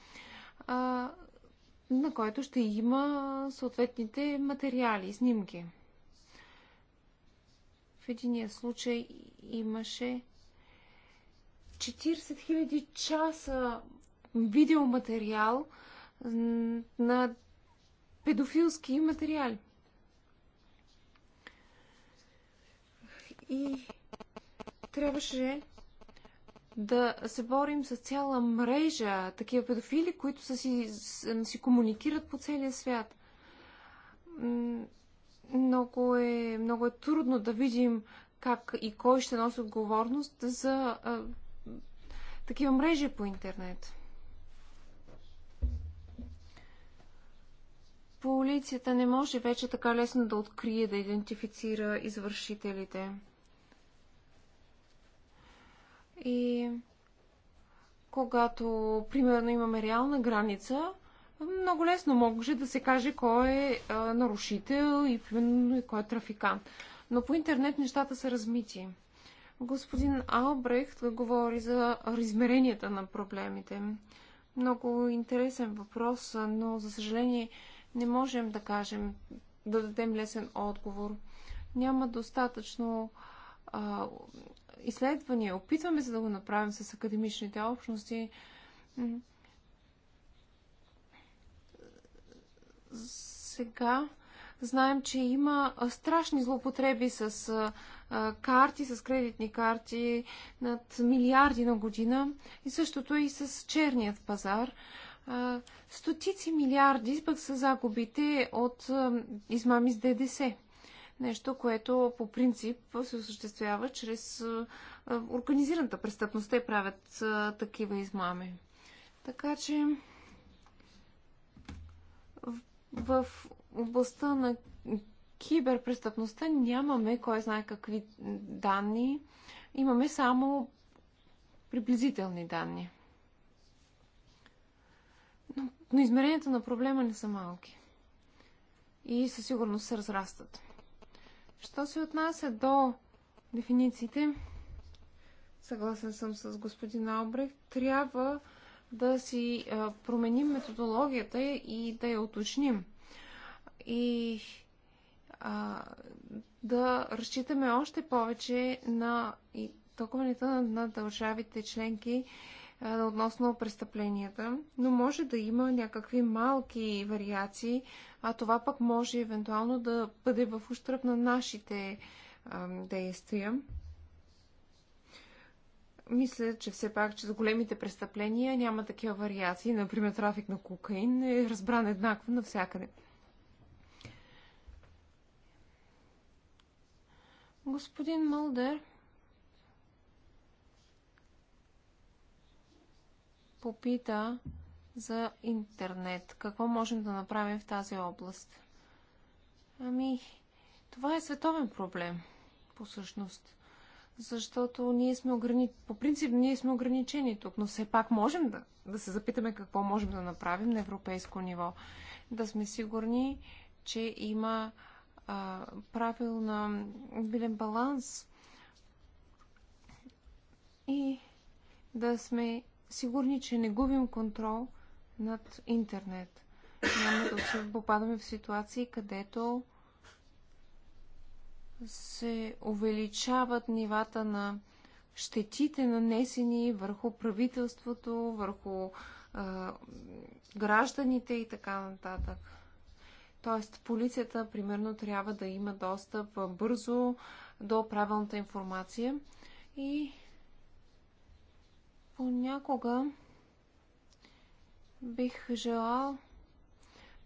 на който ще има съответните материали, снимки. В единия случай имаше 40 000 часа видеоматериал на педофилски материали. И трябваше да се борим с цяла мрежа такива педофили, които са си, си комуникират по целия свят. Много е, много е трудно да видим как и кой ще носи отговорност за а, такива мрежи по интернет. Полицията не може вече така лесно да открие, да идентифицира извършителите. И когато, примерно, имаме реална граница, много лесно може да се каже кой е нарушител и, примерно, и кой е трафикант. Но по интернет нещата са размити. Господин Албрехт говори за измеренията на проблемите. Много интересен въпрос, но за съжаление не можем да кажем, да дадем лесен отговор. Няма достатъчно а, изследвания. Опитваме се да го направим с академичните общности. Сега знаем, че има страшни злоупотреби с карти, с кредитни карти над милиарди на година и същото и с черният пазар. Стотици милиарди пък са загубите от измами с ДДС. Нещо, което по принцип се осъществява чрез организираната престъпност. Те правят такива измами. Така че в областта на киберпрестъпността нямаме кой знае какви данни. Имаме само приблизителни данни. Но, но измеренията на проблема не са малки. И със сигурност се разрастат. Що се отнася до дефинициите, съгласен съм с господин Албрех, трябва да си променим методологията и да я уточним. И а, да разчитаме още повече на тълкуването на, на държавите членки относно престъпленията, но може да има някакви малки вариации, а това пък може евентуално да бъде в ущърп на нашите действия. Мисля, че все пак, че за големите престъпления няма такива вариации. Например, трафик на кокаин е разбран еднакво навсякъде. Господин Мълдер, попита за интернет. Какво можем да направим в тази област? Ами, това е световен проблем, по същност. Защото ние сме ограничени. по принцип ние сме ограничени тук, но все пак можем да, да се запитаме какво можем да направим на европейско ниво. Да сме сигурни, че има а, на билен баланс и да сме сигурни, че не губим контрол над интернет. Няма да се попадаме в ситуации, където се увеличават нивата на щетите нанесени върху правителството, върху а, гражданите и така нататък. Тоест, полицията, примерно, трябва да има достъп бързо до правилната информация и Понякога бих желал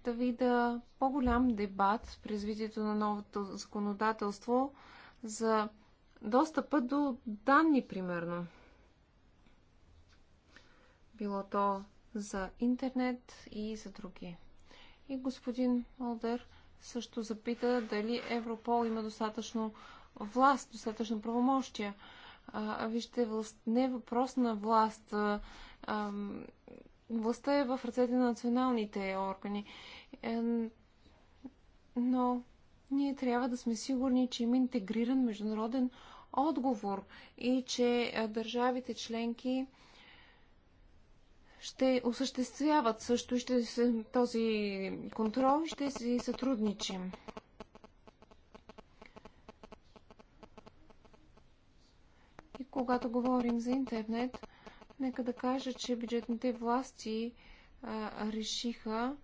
да видя по-голям дебат при развитието на новото законодателство за достъпа до данни, примерно. Било то за интернет и за други. И господин Олдер също запита дали Европол има достатъчно власт, достатъчно правомощия. А, вижте, власт, не е въпрос на власт. А, а, властта е в ръцете на националните органи. Е, но ние трябва да сме сигурни, че има интегриран международен отговор и че държавите членки ще осъществяват също и ще, този контрол и ще си сътрудничим. Когато говорим за интернет, нека да кажа, че бюджетните власти а, решиха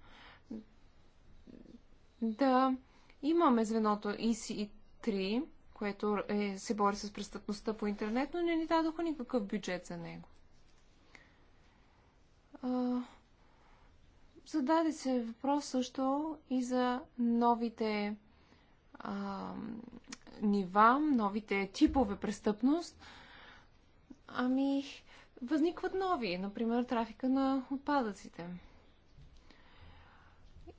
да имаме звеното EC3, e което е, се бори с престъпността по интернет, но не ни дадоха никакъв бюджет за него. А, зададе се въпрос също и за новите а, нива, новите типове престъпност. А, Ами, възникват нови, например трафика на отпадъците.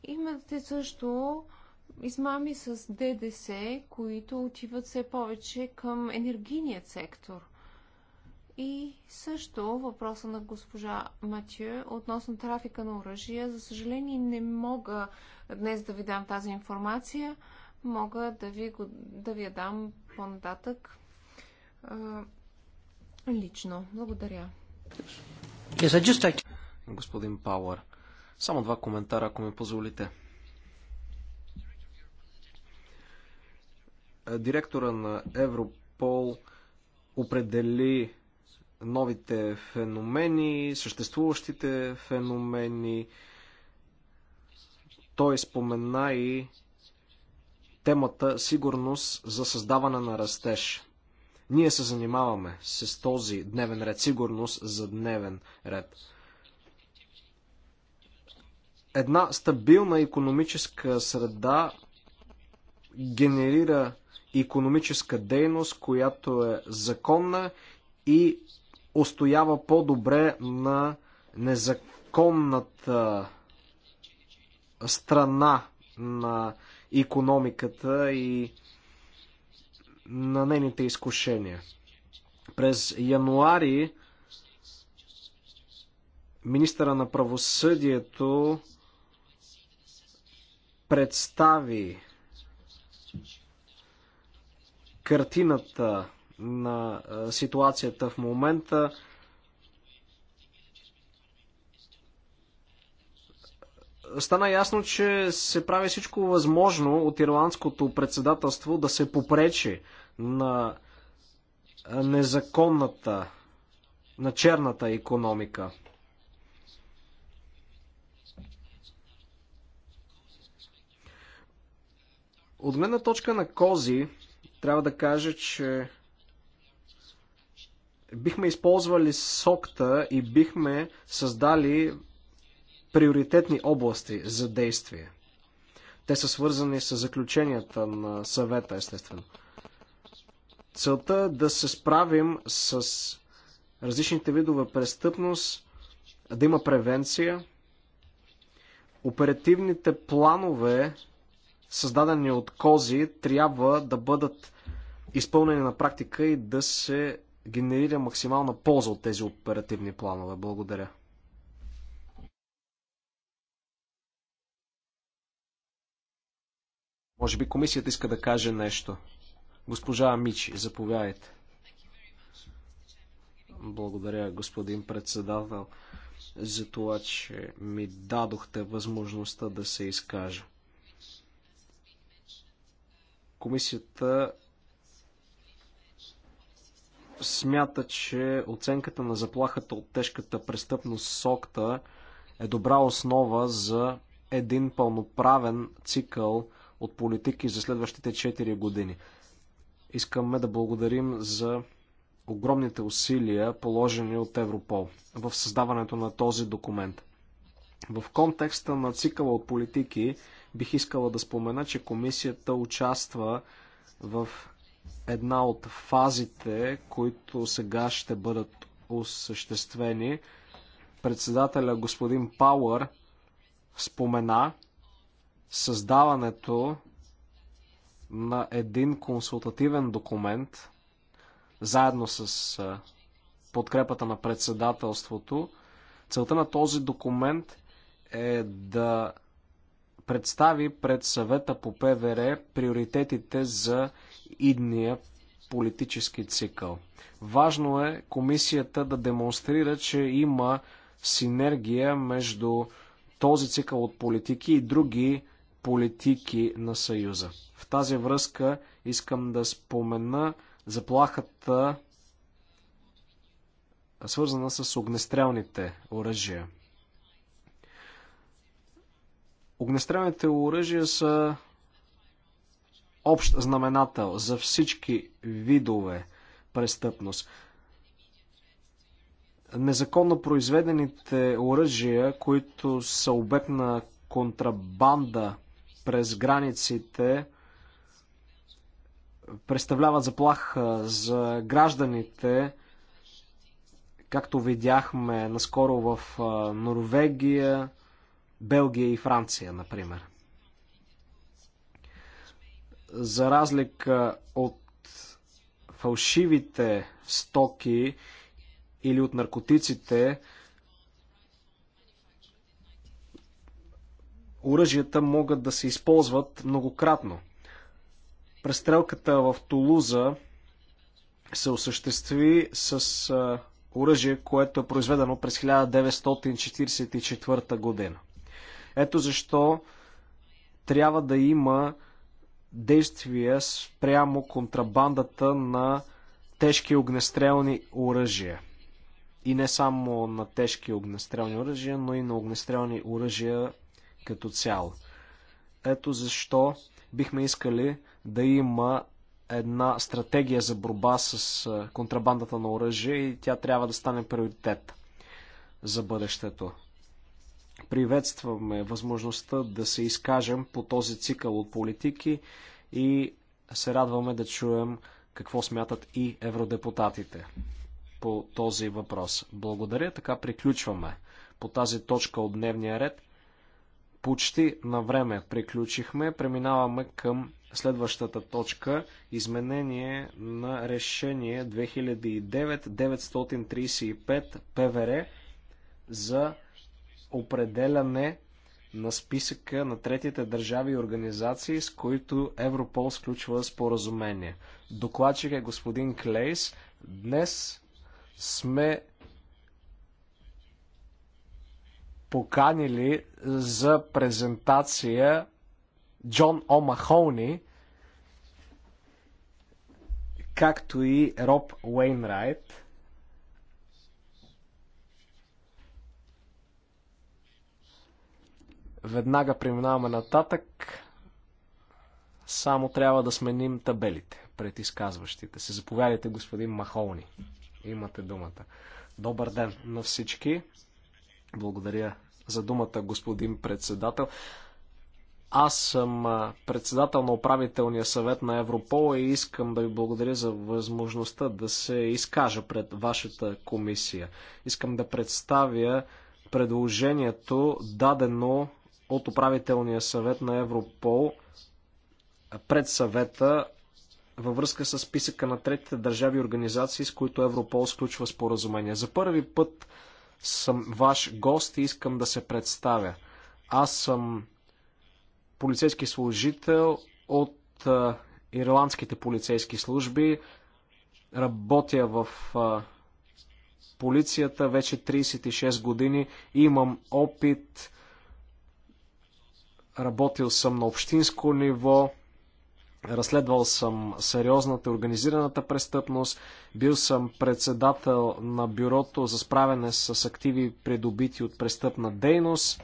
Имате също измами с ДДС, които отиват все повече към енергийният сектор. И също въпроса на госпожа Матю относно трафика на оръжия. За съжаление не мога днес да ви дам тази информация. Мога да ви, да ви я дам по-нататък Лично. Благодаря. Господин Пауър, само два коментара, ако ми позволите. Директора на Европол определи новите феномени, съществуващите феномени. Той спомена и темата сигурност за създаване на растеж. Ние се занимаваме с този дневен ред, сигурност за дневен ред. Една стабилна економическа среда генерира економическа дейност, която е законна и устоява по-добре на незаконната страна на економиката и на нейните изкушения. През януари министъра на правосъдието представи картината на ситуацията в момента. Стана ясно, че се прави всичко възможно от ирландското председателство да се попречи на незаконната, на черната економика. От гледна точка на Кози, трябва да кажа, че бихме използвали сокта и бихме създали приоритетни области за действие. Те са свързани с заключенията на съвета, естествено. Целта е да се справим с различните видове престъпност, да има превенция. Оперативните планове, създадени от кози, трябва да бъдат изпълнени на практика и да се генерира максимална полза от тези оперативни планове. Благодаря. Може би комисията иска да каже нещо. Госпожа Мичи, заповядайте. Благодаря, господин председател, за това, че ми дадохте възможността да се изкажа. Комисията смята, че оценката на заплахата от тежката престъпност СОКТА е добра основа за един пълноправен цикъл от политики за следващите 4 години искаме да благодарим за огромните усилия, положени от Европол в създаването на този документ. В контекста на цикъла от политики бих искала да спомена, че комисията участва в една от фазите, които сега ще бъдат осъществени. Председателя господин Пауър спомена създаването на един консултативен документ, заедно с подкрепата на председателството. Целта на този документ е да представи пред съвета по ПВР приоритетите за идния политически цикъл. Важно е комисията да демонстрира, че има синергия между този цикъл от политики и други политики на Съюза. В тази връзка искам да спомена заплахата, свързана с огнестрелните оръжия. Огнестрелните оръжия са общ знаменател за всички видове престъпност. Незаконно произведените оръжия, които са обект на контрабанда през границите представляват заплаха за гражданите, както видяхме наскоро в Норвегия, Белгия и Франция, например. За разлика от фалшивите стоки или от наркотиците, оръжията могат да се използват многократно. Престрелката в Тулуза се осъществи с оръжие, което е произведено през 1944 година. Ето защо трябва да има действия спрямо контрабандата на тежки огнестрелни оръжия. И не само на тежки огнестрелни оръжия, но и на огнестрелни оръжия като цяло. Ето защо бихме искали да има една стратегия за борба с контрабандата на оръжие и тя трябва да стане приоритет за бъдещето. Приветстваме възможността да се изкажем по този цикъл от политики и се радваме да чуем какво смятат и евродепутатите по този въпрос. Благодаря, така приключваме по тази точка от дневния ред. Почти на време приключихме. Преминаваме към следващата точка. Изменение на решение 2009-935 ПВР за определяне на списъка на третите държави и организации, с които Европол сключва споразумение. Докладчик е господин Клейс. Днес сме поканили за презентация Джон Омахони, както и Роб Уейнрайт. Веднага преминаваме нататък. Само трябва да сменим табелите пред изказващите се. Заповядайте, господин Махолни. Имате думата. Добър ден на всички. Благодаря за думата, господин председател. Аз съм председател на управителния съвет на Европол и искам да ви благодаря за възможността да се изкажа пред вашата комисия. Искам да представя предложението, дадено от управителния съвет на Европол пред съвета във връзка с списъка на третите държави и организации, с които Европол сключва споразумение. За първи път съм ваш гост и искам да се представя. Аз съм полицейски служител от а, ирландските полицейски служби. Работя в а, полицията вече 36 години. Имам опит. Работил съм на общинско ниво. Разследвал съм сериозната организираната престъпност, бил съм председател на бюрото за справяне с активи придобити от престъпна дейност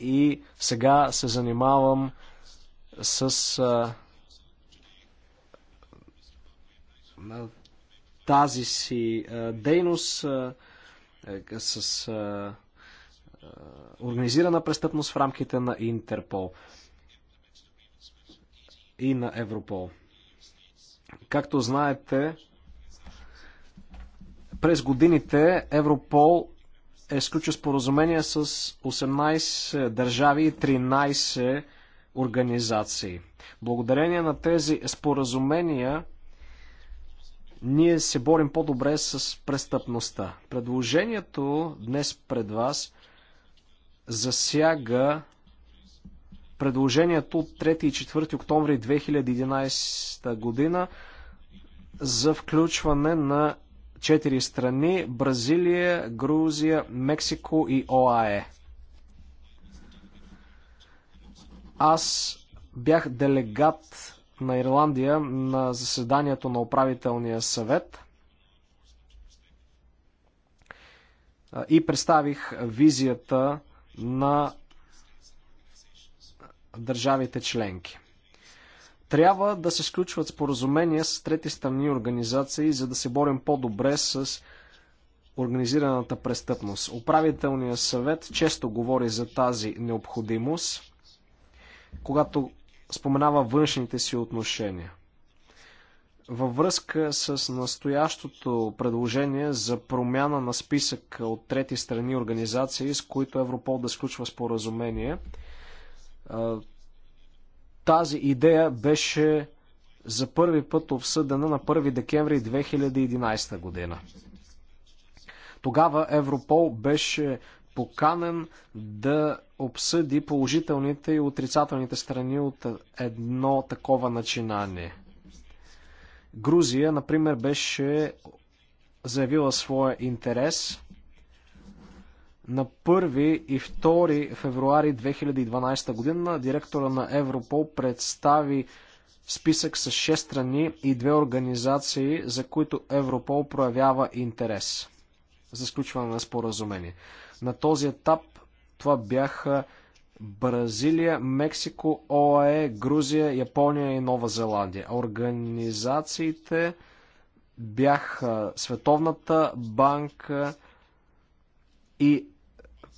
и сега се занимавам с а, тази си а, дейност а, е, с а, организирана престъпност в рамките на Интерпол и на Европол. Както знаете, през годините Европол е сключил споразумение с 18 държави и 13 организации. Благодарение на тези споразумения ние се борим по-добре с престъпността. Предложението днес пред вас засяга предложението от 3 и 4 октомври 2011 година за включване на четири страни Бразилия, Грузия, Мексико и ОАЕ. Аз бях делегат на Ирландия на заседанието на управителния съвет и представих визията на държавите членки. Трябва да се сключват споразумения с трети страни организации, за да се борим по-добре с организираната престъпност. Управителният съвет често говори за тази необходимост, когато споменава външните си отношения. Във връзка с настоящото предложение за промяна на списък от трети страни организации, с които Европол да сключва споразумение, тази идея беше за първи път обсъдена на 1 декември 2011 година. Тогава Европол беше поканен да обсъди положителните и отрицателните страни от едно такова начинание. Грузия, например, беше заявила своя интерес на 1 и 2 февруари 2012 година директора на Европол представи списък с 6 страни и две организации, за които Европол проявява интерес за сключване на споразумение. На този етап това бяха Бразилия, Мексико, ОАЕ, Грузия, Япония и Нова Зеландия. Организациите бяха Световната банка и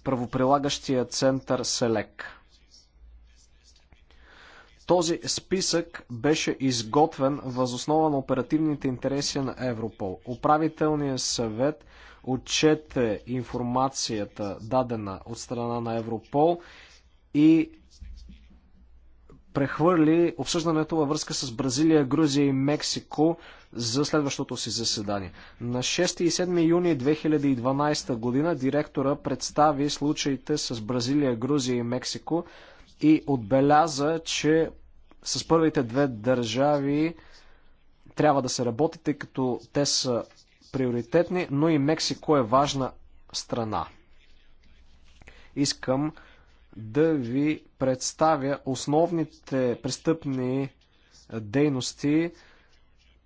правоприлагащия център СЕЛЕК. Този списък беше изготвен възоснова на оперативните интереси на Европол. Управителният съвет отчете информацията дадена от страна на Европол и прехвърли обсъждането във връзка с Бразилия, Грузия и Мексико за следващото си заседание. На 6 и 7 юни 2012 година директора представи случаите с Бразилия, Грузия и Мексико и отбеляза, че с първите две държави трябва да се работи, тъй като те са приоритетни, но и Мексико е важна страна. Искам да ви представя основните престъпни дейности,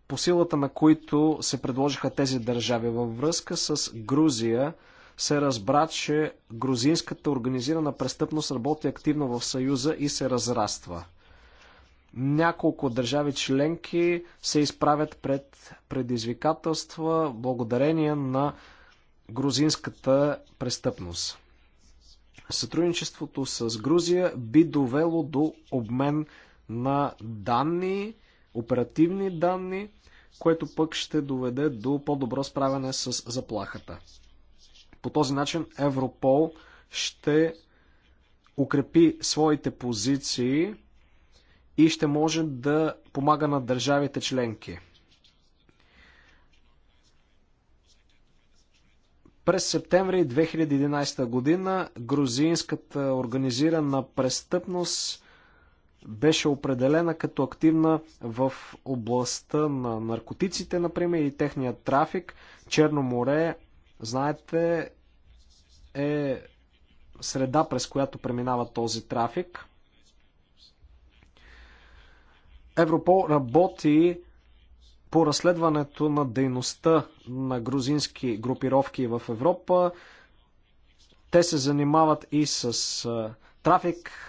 по силата на които се предложиха тези държави. Във връзка с Грузия се разбра, че грузинската организирана престъпност работи активно в Съюза и се разраства. Няколко държави членки се изправят пред предизвикателства благодарение на грузинската престъпност. Сътрудничеството с Грузия би довело до обмен на данни, оперативни данни, което пък ще доведе до по-добро справяне с заплахата. По този начин Европол ще укрепи своите позиции и ще може да помага на държавите членки През септември 2011 година грузинската организирана престъпност беше определена като активна в областта на наркотиците, например, и техния трафик. Черно море, знаете, е среда, през която преминава този трафик. Европол работи по разследването на дейността на грузински групировки в Европа. Те се занимават и с трафик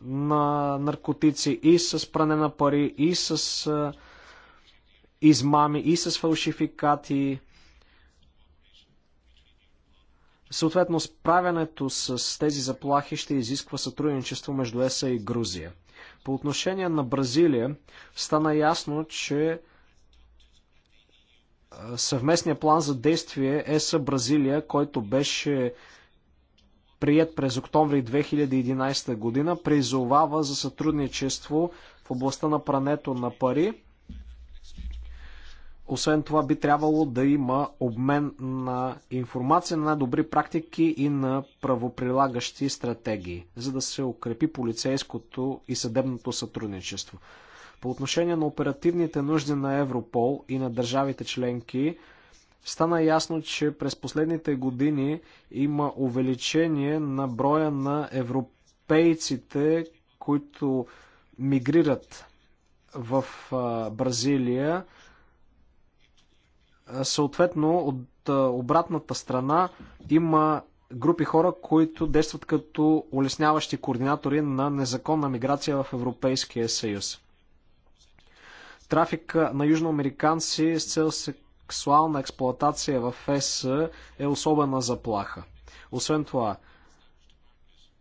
на наркотици, и с пране на пари, и с измами, и с фалшификати. Съответно, справянето с тези заплахи ще изисква сътрудничество между ЕСА и Грузия. По отношение на Бразилия стана ясно, че съвместния план за действие ЕСА Бразилия, който беше прият през октомври 2011 година, призовава за сътрудничество в областта на прането на пари. Освен това би трябвало да има обмен на информация, на добри практики и на правоприлагащи стратегии, за да се укрепи полицейското и съдебното сътрудничество. По отношение на оперативните нужди на Европол и на държавите членки, стана ясно, че през последните години има увеличение на броя на европейците, които мигрират в Бразилия съответно от обратната страна има групи хора, които действат като улесняващи координатори на незаконна миграция в Европейския съюз. Трафик на южноамериканци с цел сексуална експлоатация в ЕС е особена заплаха. Освен това,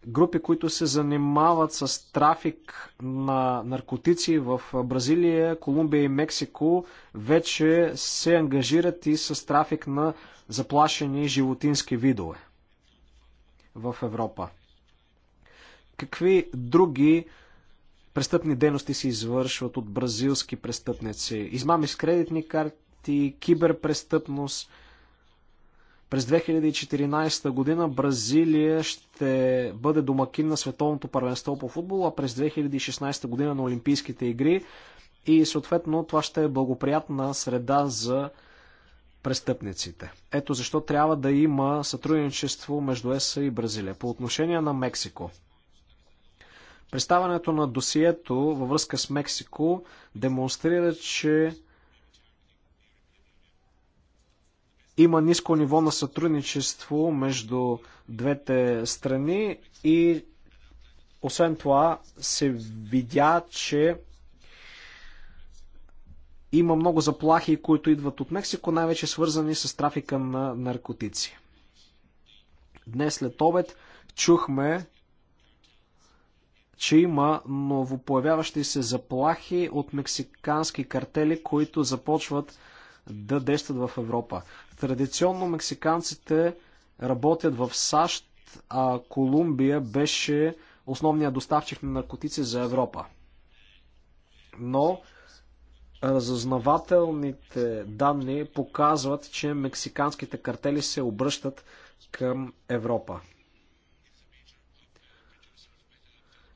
групи, които се занимават с трафик на наркотици в Бразилия, Колумбия и Мексико, вече се ангажират и с трафик на заплашени животински видове в Европа. Какви други престъпни дейности се извършват от бразилски престъпници? Измами с кредитни карти, киберпрестъпност – през 2014 година Бразилия ще бъде домакин на световното първенство по футбол, а през 2016 година на Олимпийските игри и съответно това ще е благоприятна среда за престъпниците. Ето защо трябва да има сътрудничество между ЕСА и Бразилия. По отношение на Мексико. Представането на досието във връзка с Мексико демонстрира, че има ниско ниво на сътрудничество между двете страни и освен това се видя, че има много заплахи, които идват от Мексико, най-вече свързани с трафика на наркотици. Днес след обед чухме, че има новопоявяващи се заплахи от мексикански картели, които започват да действат в Европа. Традиционно мексиканците работят в САЩ, а Колумбия беше основният доставчик на наркотици за Европа. Но разузнавателните данни показват, че мексиканските картели се обръщат към Европа.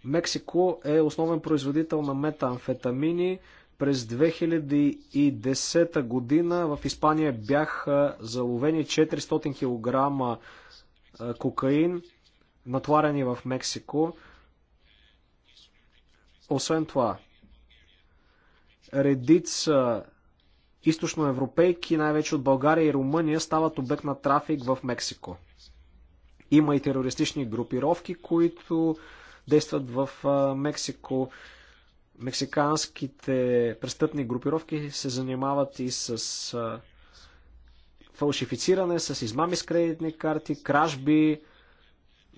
Мексико е основен производител на метамфетамини, през 2010 година в Испания бяха заловени 400 кг кокаин, натварени в Мексико. Освен това, редица източноевропейки, най-вече от България и Румъния, стават обект на трафик в Мексико. Има и терористични групировки, които действат в Мексико. Мексиканските престъпни групировки се занимават и с фалшифициране, с измами с кредитни карти, кражби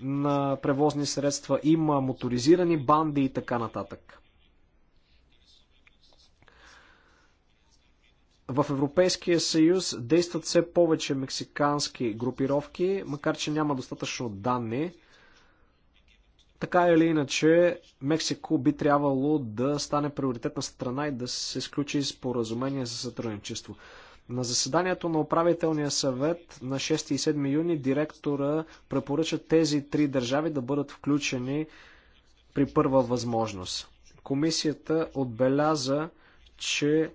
на превозни средства, има моторизирани банди и така нататък. В Европейския съюз действат все повече мексикански групировки, макар че няма достатъчно данни. Така или иначе, Мексико би трябвало да стане приоритетна страна и да се сключи споразумение за сътрудничество. На заседанието на управителния съвет на 6 и 7 юни директора препоръча тези три държави да бъдат включени при първа възможност. Комисията отбеляза, че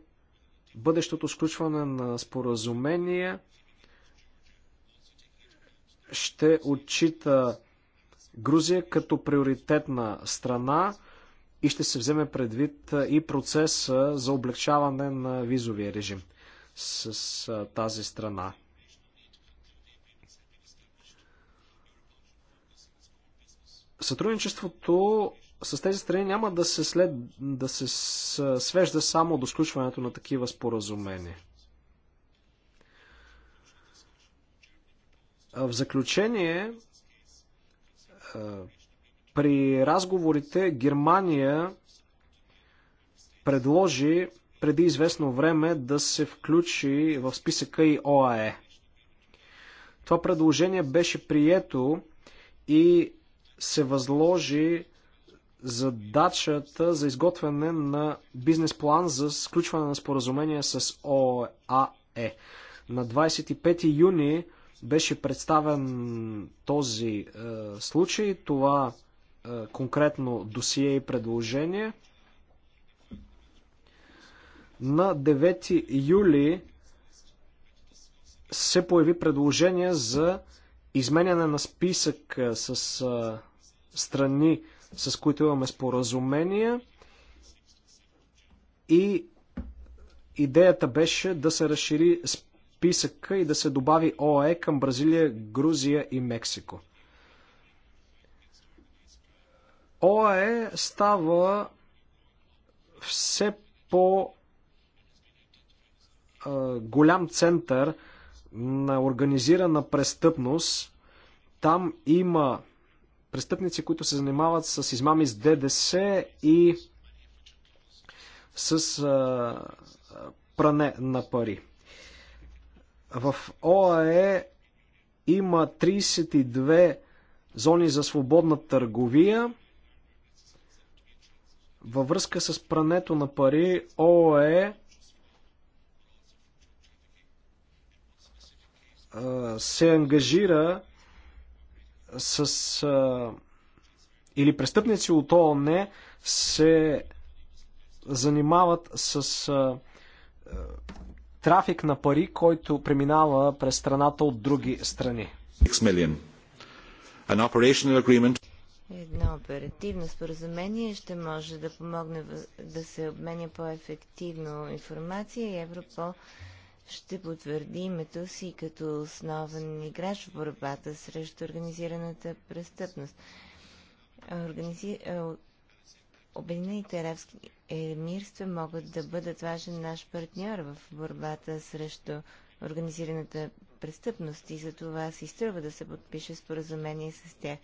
бъдещото сключване на споразумения ще отчита Грузия като приоритетна страна и ще се вземе предвид и процеса за облегчаване на визовия режим с тази страна. Сътрудничеството с тези страни няма да се, след, да се свежда само до сключването на такива споразумения. В заключение, е, при разговорите Германия предложи преди известно време да се включи в списъка и ОАЕ. Това предложение беше прието и се възложи задачата за изготвяне на бизнес план за сключване на споразумение с ОАЕ. На 25 юни беше представен този е, случай, това е, конкретно досие и предложение. На 9 юли се появи предложение за изменяне на списък е, с е, страни, с които имаме споразумения и идеята беше да се разшири списък списъка и да се добави ОАЕ към Бразилия, Грузия и Мексико. ОЕ става все по голям център на организирана престъпност. Там има престъпници, които се занимават с измами с ДДС и с а, пране на пари. В ОАЕ има 32 зони за свободна търговия. Във връзка с прането на пари, ОАЕ се ангажира с а, или престъпници от ООН се занимават с а, трафик на пари, който преминава през страната от други страни. Едно оперативно споразумение ще може да помогне да се обменя по-ефективно информация и Европол ще потвърди името си като основен играч в борбата срещу организираната престъпност. Организи... Обединените арабски емирства могат да бъдат важен наш партньор в борбата срещу организираната престъпност и за това си струва да се подпише споразумение с тях.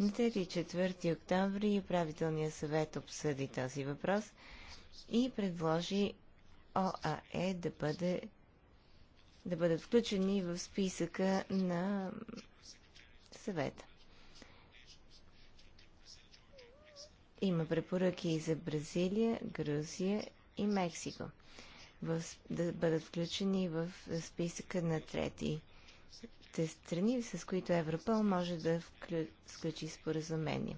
На 3 и 4 октомври управителният съвет обсъди този въпрос и предложи ОАЕ да, бъде, да бъдат включени в списъка на съвета. Има препоръки и за Бразилия, Грузия и Мексико в, да бъдат включени в списъка на трети страни, с които Европол може да вклю, сключи споразумение.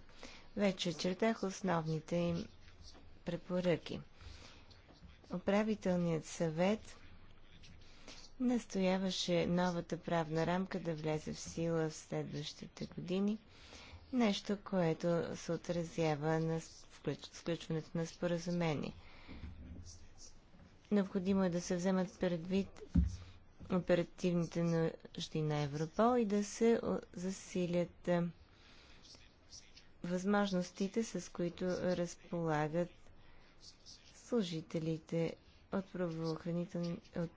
Вече чертах основните им препоръки. Управителният съвет настояваше новата правна рамка да влезе в сила в следващите години нещо, което се отразява на сключването на споразумение. Необходимо е да се вземат предвид оперативните нужди на Европол и да се засилят възможностите, с които разполагат служителите от правоохранителни... От,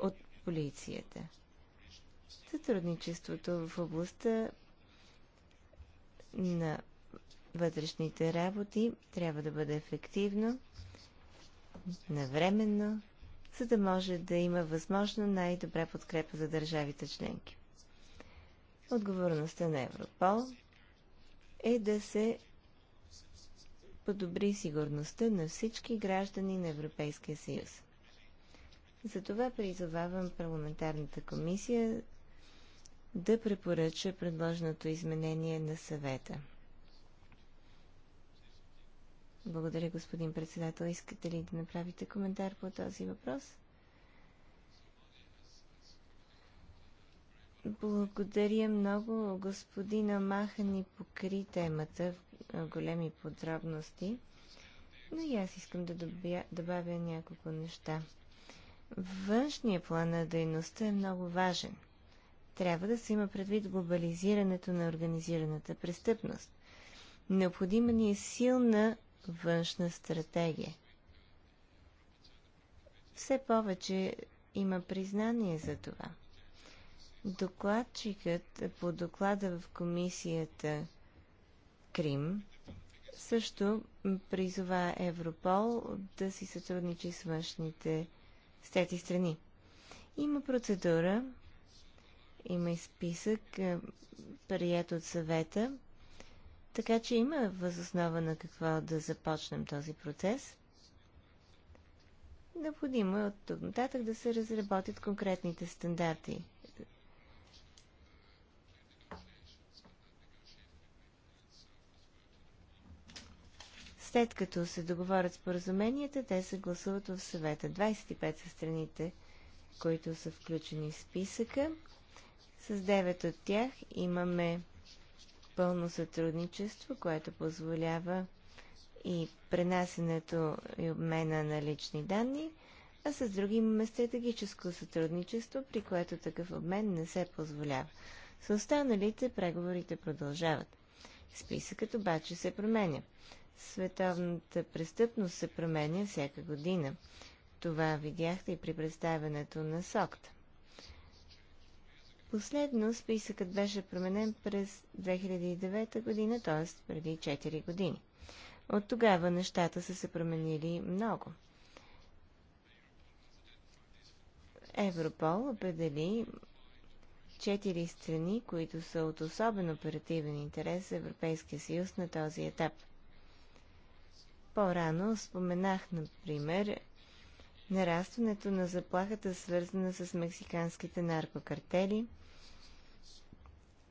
от полицията. Сътрудничеството в областта на вътрешните работи трябва да бъде ефективно, навременно, за да може да има възможно най-добра подкрепа за държавите членки. Отговорността на Европол е да се подобри сигурността на всички граждани на Европейския съюз. Затова призовавам парламентарната комисия да препоръча предложеното изменение на съвета. Благодаря, господин председател. Искате ли да направите коментар по този въпрос? Благодаря много. Господина Маха ни покри темата в големи подробности, но и аз искам да добя, добавя няколко неща. Външния план на дейността е много важен – трябва да се има предвид глобализирането на организираната престъпност. Необходима ни е силна външна стратегия. Все повече има признание за това. Докладчикът по доклада в комисията Крим също призова Европол да си сътрудничи с външните тези страни. Има процедура, има и списък, е, прият от съвета. Така че има възоснова на какво да започнем този процес. Необходимо е от тук нататък да се разработят конкретните стандарти. След като се договорят споразуменията, те се гласуват в съвета. 25 са страните, които са включени в списъка. С девет от тях имаме пълно сътрудничество, което позволява и пренасенето и обмена на лични данни, а с други имаме стратегическо сътрудничество, при което такъв обмен не се позволява. С останалите преговорите продължават. Списъкът обаче се променя. Световната престъпност се променя всяка година. Това видяхте и при представянето на СОКТА. Последно списъкът беше променен през 2009 година, т.е. преди 4 години. От тогава нещата са се променили много. Европол определи четири страни, които са от особен оперативен интерес за Европейския съюз на този етап. По-рано споменах, например, нарастването на заплахата, свързана с мексиканските наркокартели –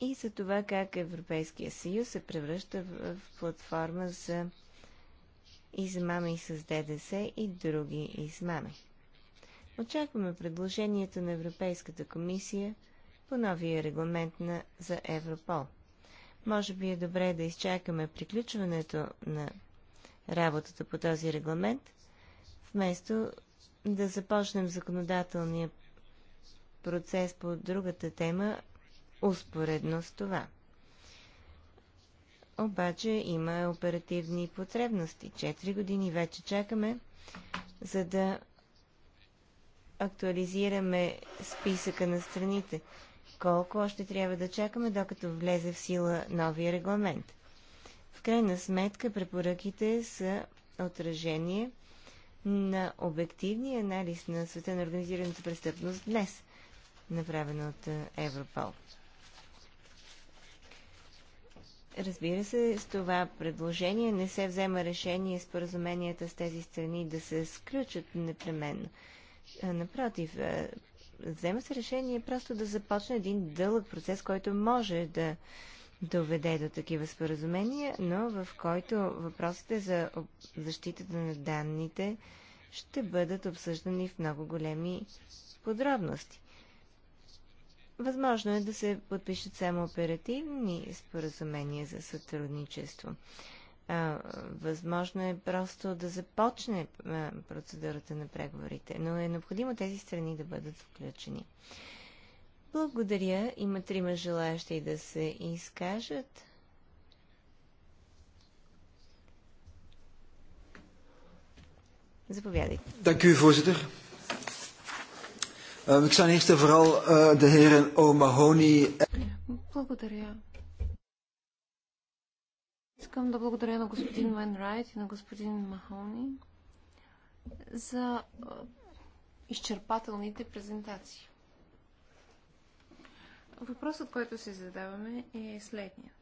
и за това как Европейския съюз се превръща в платформа за измами с ДДС и други измами. Очакваме предложението на Европейската комисия по новия регламент на, за Европол. Може би е добре да изчакаме приключването на работата по този регламент, вместо да започнем законодателния процес по другата тема, успоредно с това. Обаче има оперативни потребности. Четири години вече чакаме, за да актуализираме списъка на страните. Колко още трябва да чакаме, докато влезе в сила новия регламент? В крайна сметка препоръките са отражение на обективния анализ на света на организираната престъпност днес, направена от е, Европол. Разбира се, с това предложение не се взема решение споразуменията с тези страни да се сключат непременно. Напротив, взема се решение просто да започне един дълъг процес, който може да доведе до такива споразумения, но в който въпросите за защитата на данните ще бъдат обсъждани в много големи подробности. Възможно е да се подпишат само оперативни споразумения за сътрудничество. А, възможно е просто да започне а, процедурата на преговорите, но е необходимо тези страни да бъдат включени. Благодаря. Има трима желаящи да се изкажат. Заповядайте. Dank u, voorzitter. Ehm, ik eerst en vooral eh, de heren O'Mahony. Благодаря. Искам да благодаря на господин Райт и на господин Махони за е, изчерпателните презентации. Въпросът, който си задаваме е следния.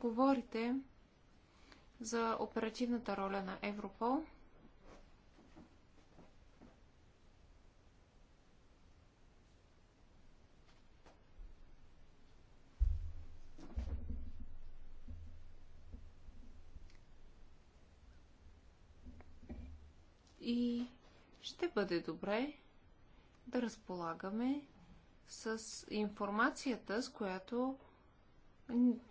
Говорите за оперативната роля на Европол – И ще бъде добре да разполагаме с информацията, с която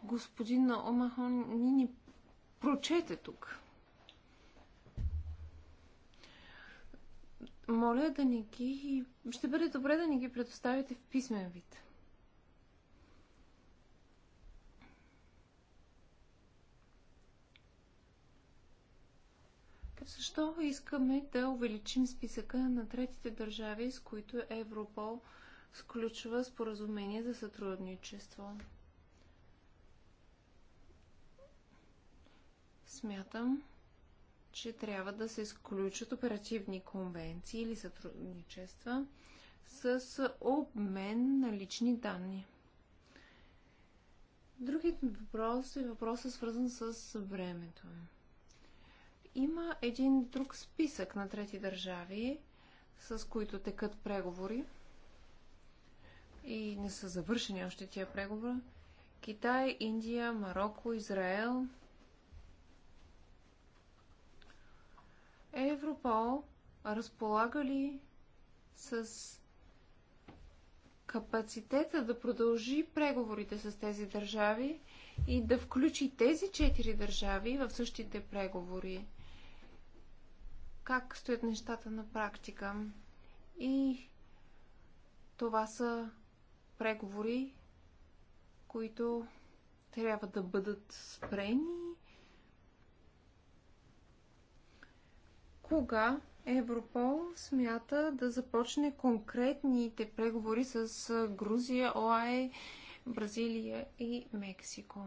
господин Омахон ни, ни прочете тук. Моля да ни ги... Ще бъде добре да ни ги предоставите в писмен вид. защо искаме да увеличим списъка на третите държави, с които Европол сключва споразумение за сътрудничество. Смятам, че трябва да се изключат оперативни конвенции или сътрудничества с обмен на лични данни. Другият въпрос е въпросът свързан с времето. Има един друг списък на трети държави, с които текат преговори и не са завършени още тия преговори. Китай, Индия, Марокко, Израел. Европол разполага ли с капацитета да продължи преговорите с тези държави и да включи тези четири държави в същите преговори? как стоят нещата на практика. И това са преговори, които трябва да бъдат спрени. Кога Европол смята да започне конкретните преговори с Грузия, ОАЕ, Бразилия и Мексико?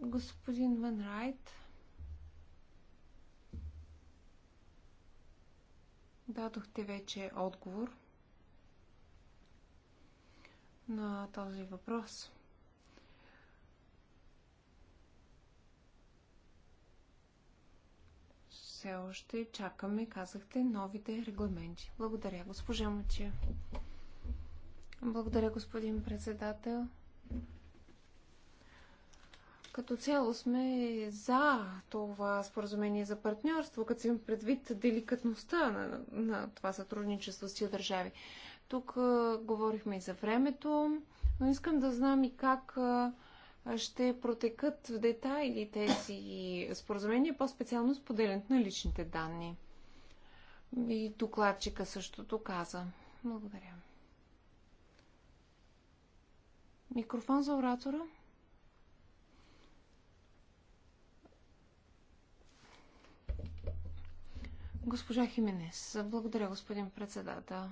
Господин Ван Райт. Дадохте вече отговор на този въпрос. все още чакаме, казахте, новите регламенти. Благодаря, госпожа Мачия. Благодаря, господин председател. Като цяло сме за това споразумение за партньорство, като си предвид деликатността на, на това сътрудничество с тия държави. Тук а, говорихме и за времето, но искам да знам и как а, ще протекат в детайли тези споразумения, по-специално споделянето на личните данни. И докладчика същото каза. Благодаря. Микрофон за оратора. Госпожа Хименес, благодаря, господин председател.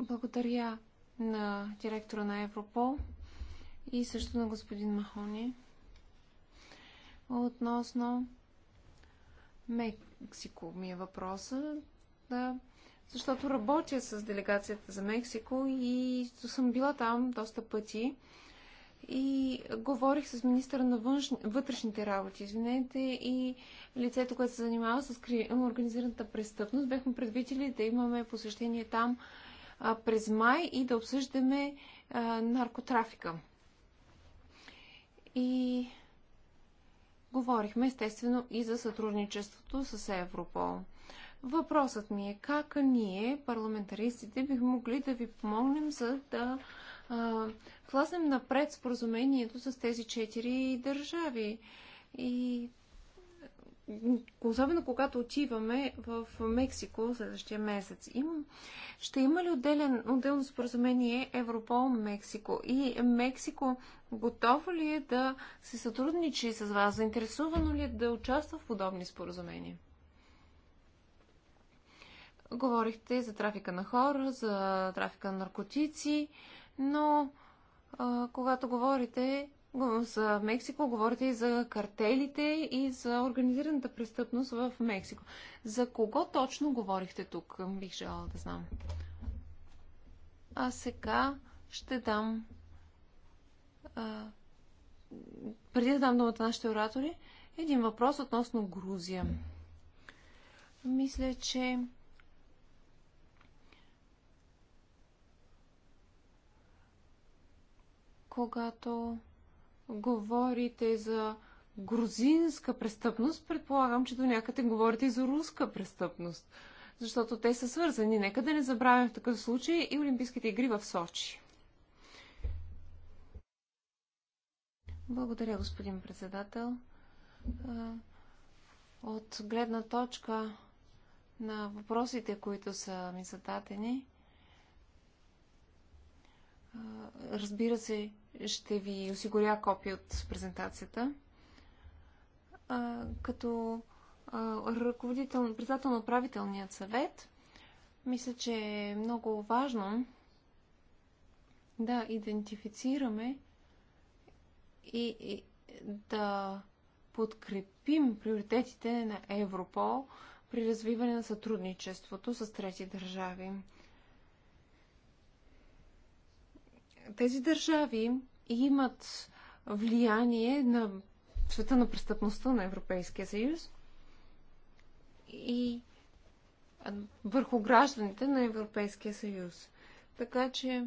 Благодаря на директора на Европол и също на господин Махони относно Мексико ми е въпроса. Да, защото работя с делегацията за Мексико и съм била там доста пъти и говорих с министра на външ... вътрешните работи, извинете, и лицето, което се занимава с кри... организираната престъпност. Бяхме предвидели да имаме посещение там а, през май и да обсъждаме а, наркотрафика. И говорихме естествено и за сътрудничеството с Европол. Въпросът ми е как ние, парламентаристите, бихме могли да ви помогнем за да влазнем напред споразумението с тези четири държави. И особено когато отиваме в Мексико следващия месец. Им, ще има ли отделен, отделно споразумение Европол Мексико? И Мексико готово ли е да се сътрудничи с вас? Заинтересувано ли е да участва в подобни споразумения? Говорихте за трафика на хора, за трафика на наркотици но а, когато говорите за Мексико, говорите и за картелите и за организираната престъпност в Мексико. За кого точно говорихте тук? Бих желала да знам. А сега ще дам. А, преди да дам думата нашите оратори, един въпрос относно Грузия. Мисля, че когато говорите за грузинска престъпност, предполагам, че до някъде говорите и за руска престъпност, защото те са свързани. Нека да не забравяме в такъв случай и Олимпийските игри в Сочи. Благодаря, господин председател. От гледна точка на въпросите, които са ми зададени, Разбира се, ще ви осигуря копия от презентацията. Като ръководител, председател на управителният съвет, мисля, че е много важно да идентифицираме и, и да подкрепим приоритетите на Европол при развиване на сътрудничеството с трети държави. тези държави имат влияние на света на престъпността на Европейския съюз и върху гражданите на Европейския съюз. Така че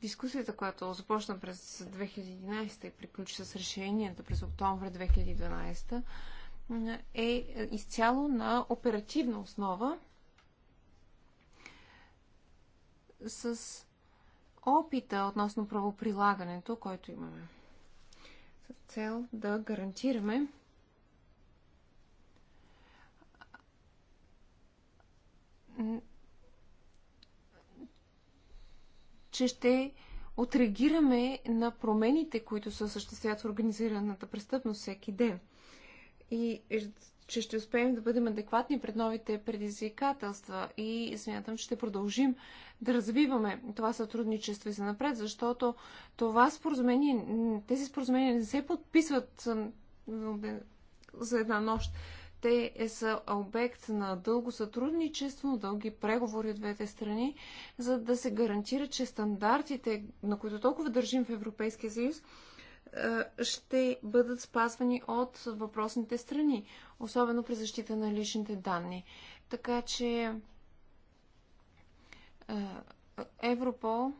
дискусията, която започна през 2011 и приключи с решението през октомври 2012, е изцяло на оперативна основа с опита относно правоприлагането, който имаме. С цел да гарантираме че ще отреагираме на промените, които се съществят в организираната престъпност всеки ден. И е, че ще успеем да бъдем адекватни пред новите предизвикателства и смятам, че ще продължим да развиваме това сътрудничество и за напред, защото това споразумение, тези споразумения не се подписват за една нощ. Те е са обект на дълго сътрудничество, дълги преговори от двете страни, за да се гарантира, че стандартите, на които толкова държим в Европейския съюз, е, ще бъдат спазвани от въпросните страни, особено при защита на личните данни. Така че е, Европол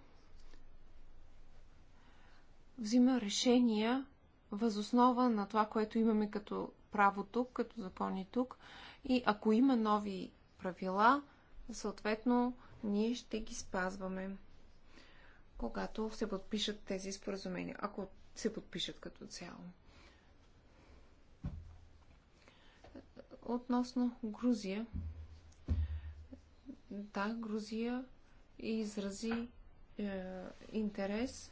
взима решения възоснова на това, което имаме като право тук, като закони тук. И ако има нови правила, съответно, ние ще ги спазваме когато се подпишат тези споразумения, ако се подпишат като цяло. Относно Грузия, да, Грузия изрази е, интерес,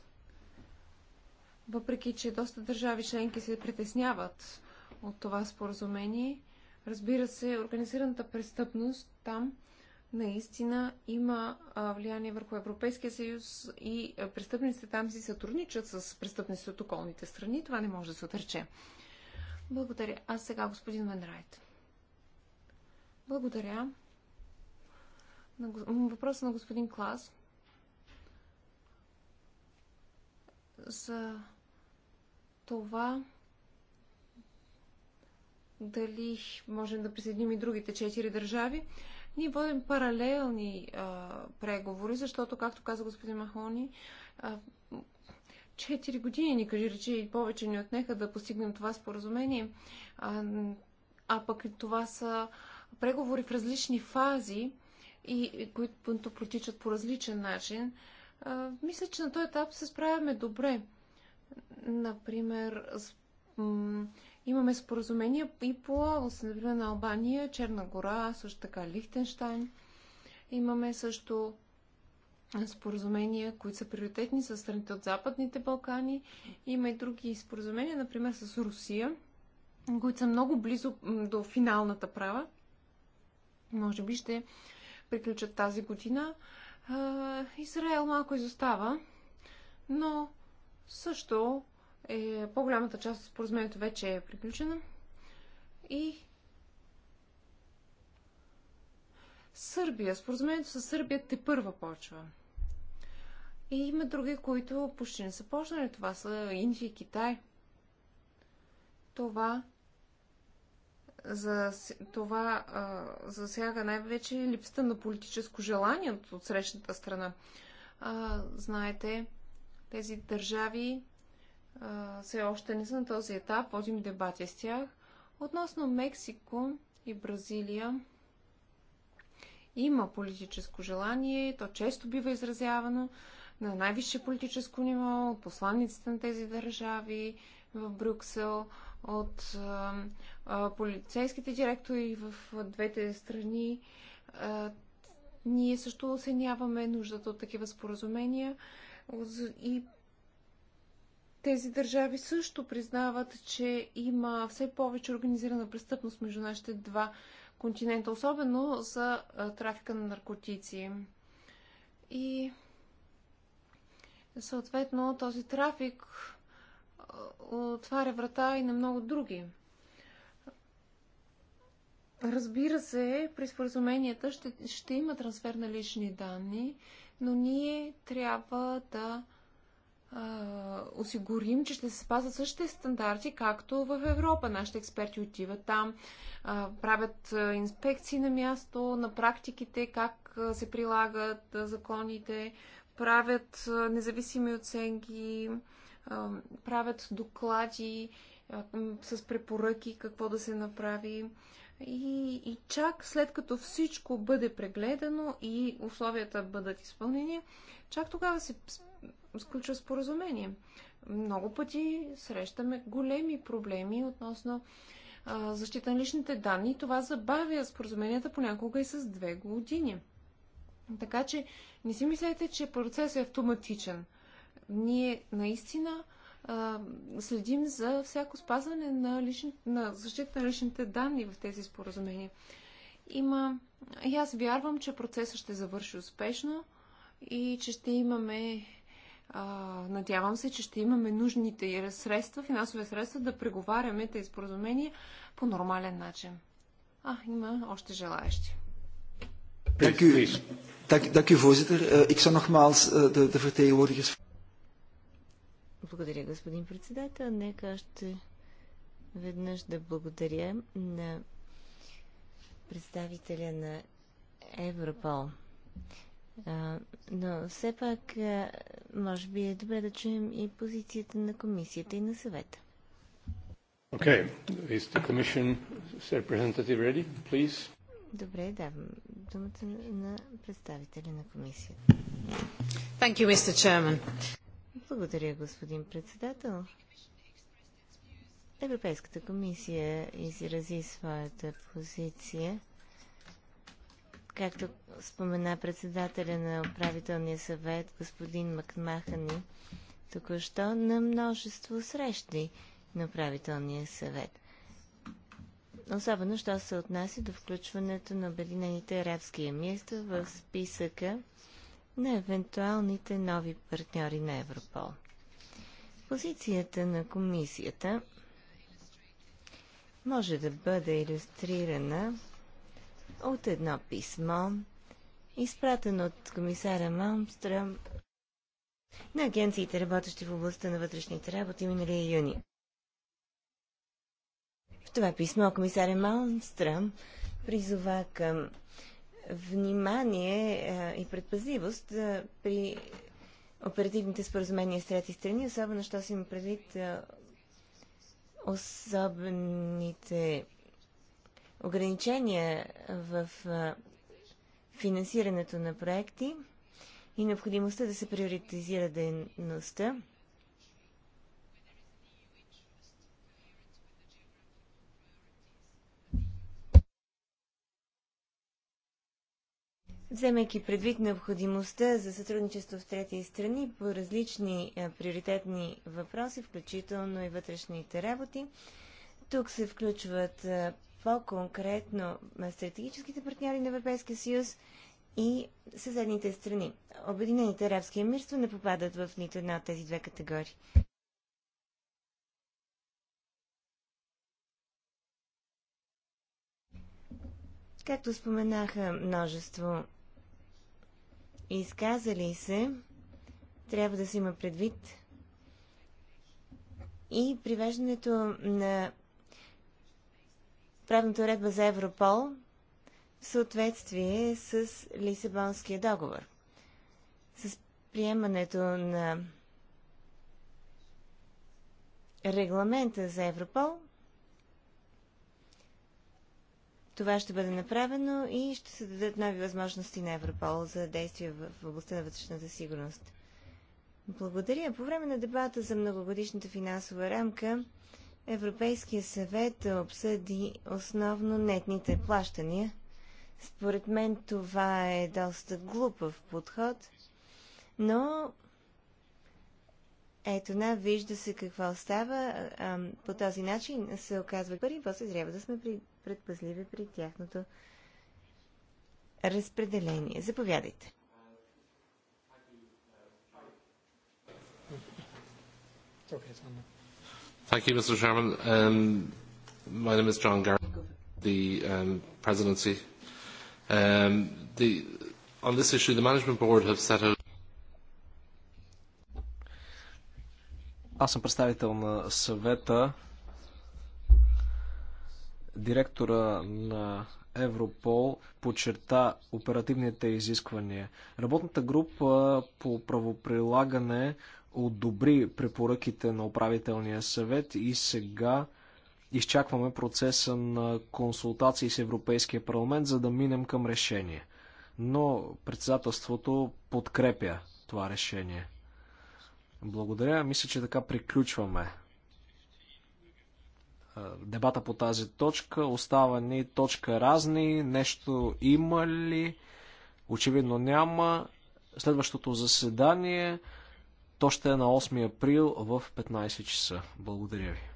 въпреки че доста държави членки се притесняват от това споразумение. Разбира се, организираната престъпност там наистина има влияние върху Европейския съюз и престъпниците там си сътрудничат с престъпниците от околните страни. Това не може да се отрече. Благодаря. А сега господин Венрайт. Благодаря. Въпрос на господин Клас за това дали можем да присъединим и другите четири държави. Ние водим паралелни а, преговори, защото, както каза господин Махони, а, 4 години ни кажи речи и повече ни отнеха да постигнем това споразумение. А, а пък това са преговори в различни фази и които протичат по различен начин. А, мисля, че на този етап се справяме добре. Например, с, Имаме споразумения и по области, например на Албания, Черна гора, също така Лихтенштайн. Имаме също споразумения, които са приоритетни с страните от Западните Балкани. Има и други споразумения, например с Русия, които са много близо до финалната права. Може би ще приключат тази година. Израел малко изостава, но също е, по-голямата част от споразумението вече е приключена и Сърбия. Споразумението с Сърбия те първа почва. И има други, които почти не са почнали. Това са Индия и Китай. Това за, това а, засяга най-вече липсата на политическо желание от срещната страна. А, знаете, тези държави все още не са на този етап, водим дебати с тях. Относно Мексико и Бразилия, има политическо желание, то често бива изразявано на най-висше политическо ниво, от посланниците на тези държави в Брюксел, от а, а, полицейските директори в двете страни. А, ние също оценяваме нуждата от такива споразумения и тези държави също признават, че има все повече организирана престъпност между нашите два континента, особено за трафика на наркотици. И съответно този трафик отваря врата и на много други. Разбира се, при споразуменията ще, ще има трансфер на лични данни, но ние трябва да осигурим, че ще се спазват същите стандарти, както в Европа. Нашите експерти отиват там, правят инспекции на място, на практиките, как се прилагат законите, правят независими оценки, правят доклади с препоръки какво да се направи. И, и чак след като всичко бъде прегледано и условията бъдат изпълнени, чак тогава се сключва споразумение. Много пъти срещаме големи проблеми относно а, защита на личните данни. Това забавя споразуменията понякога и с две години. Така че не си мислете, че процесът е автоматичен. Ние наистина а, следим за всяко спазване на, лични, на защита на личните данни в тези споразумения. Има. И аз вярвам, че процесът ще завърши успешно и че ще имаме надявам се, че ще имаме нужните средства, финансови средства да преговаряме тези споразумения по нормален начин. А, има още желаящи. Dank u, dank, dank u voorzitter. Uh, ik zou nogmaals uh, de, de vertegenwoordigers. Благодаря, господин председател. Нека ще веднъж да благодаря на представителя на Европол но все пак, може би е добре да чуем и позицията на комисията и на съвета. Okay. Is the commission representative ready, please? Добре, давам думата на представители на комисията. Thank you, Mr. Chairman. Благодаря, господин председател. Европейската комисия изрази своята позиция Както спомена председателя на управителния съвет, господин Макмахани, току-що на множество срещи на управителния съвет. Особено, що се отнася до включването на Обединените арабски емирства в списъка на евентуалните нови партньори на Европол. Позицията на комисията може да бъде иллюстрирана от едно писмо, изпратено от комисара Малмстрам на агенциите, работещи в областта на вътрешните работи миналия юни. В това писмо комисаря Малмстрам призова към внимание и предпазливост при оперативните споразумения с трети страни, особено що си има предвид особените ограничения в финансирането на проекти и необходимостта да се приоритизира дейността. Вземайки предвид необходимостта за сътрудничество в трети страни по различни приоритетни въпроси, включително и вътрешните работи, тук се включват по-конкретно стратегическите партньори на Европейския съюз и съседните страни. Обединените арабски емирства не попадат в нито една от тези две категории. Както споменаха множество изказали се, трябва да се има предвид и привеждането на правната уредба за Европол в съответствие с Лисабонския договор. С приемането на регламента за Европол това ще бъде направено и ще се дадат нови възможности на Европол за действия в областта на вътрешната сигурност. Благодаря. По време на дебата за многогодишната финансова рамка Европейския съвет да обсъди основно нетните плащания. Според мен това е доста глупав подход, но ето на, вижда се какво става. по този начин се оказва пари, после трябва да сме предпазливи при тяхното разпределение. Заповядайте. Okay, Thank you, Mr. Chairman. Um, my name is John Garrett, the um, presidency. Um, the, on this issue, the Management Board have set out. Аз съм представител на съвета. Директора на Европол подчерта оперативните изисквания. Работната група по правоприлагане одобри препоръките на управителния съвет и сега изчакваме процеса на консултации с Европейския парламент, за да минем към решение. Но председателството подкрепя това решение. Благодаря. Мисля, че така приключваме дебата по тази точка. Остава ни точка разни. Нещо има ли? Очевидно няма. Следващото заседание то ще е на 8 април в 15 часа. Благодаря ви.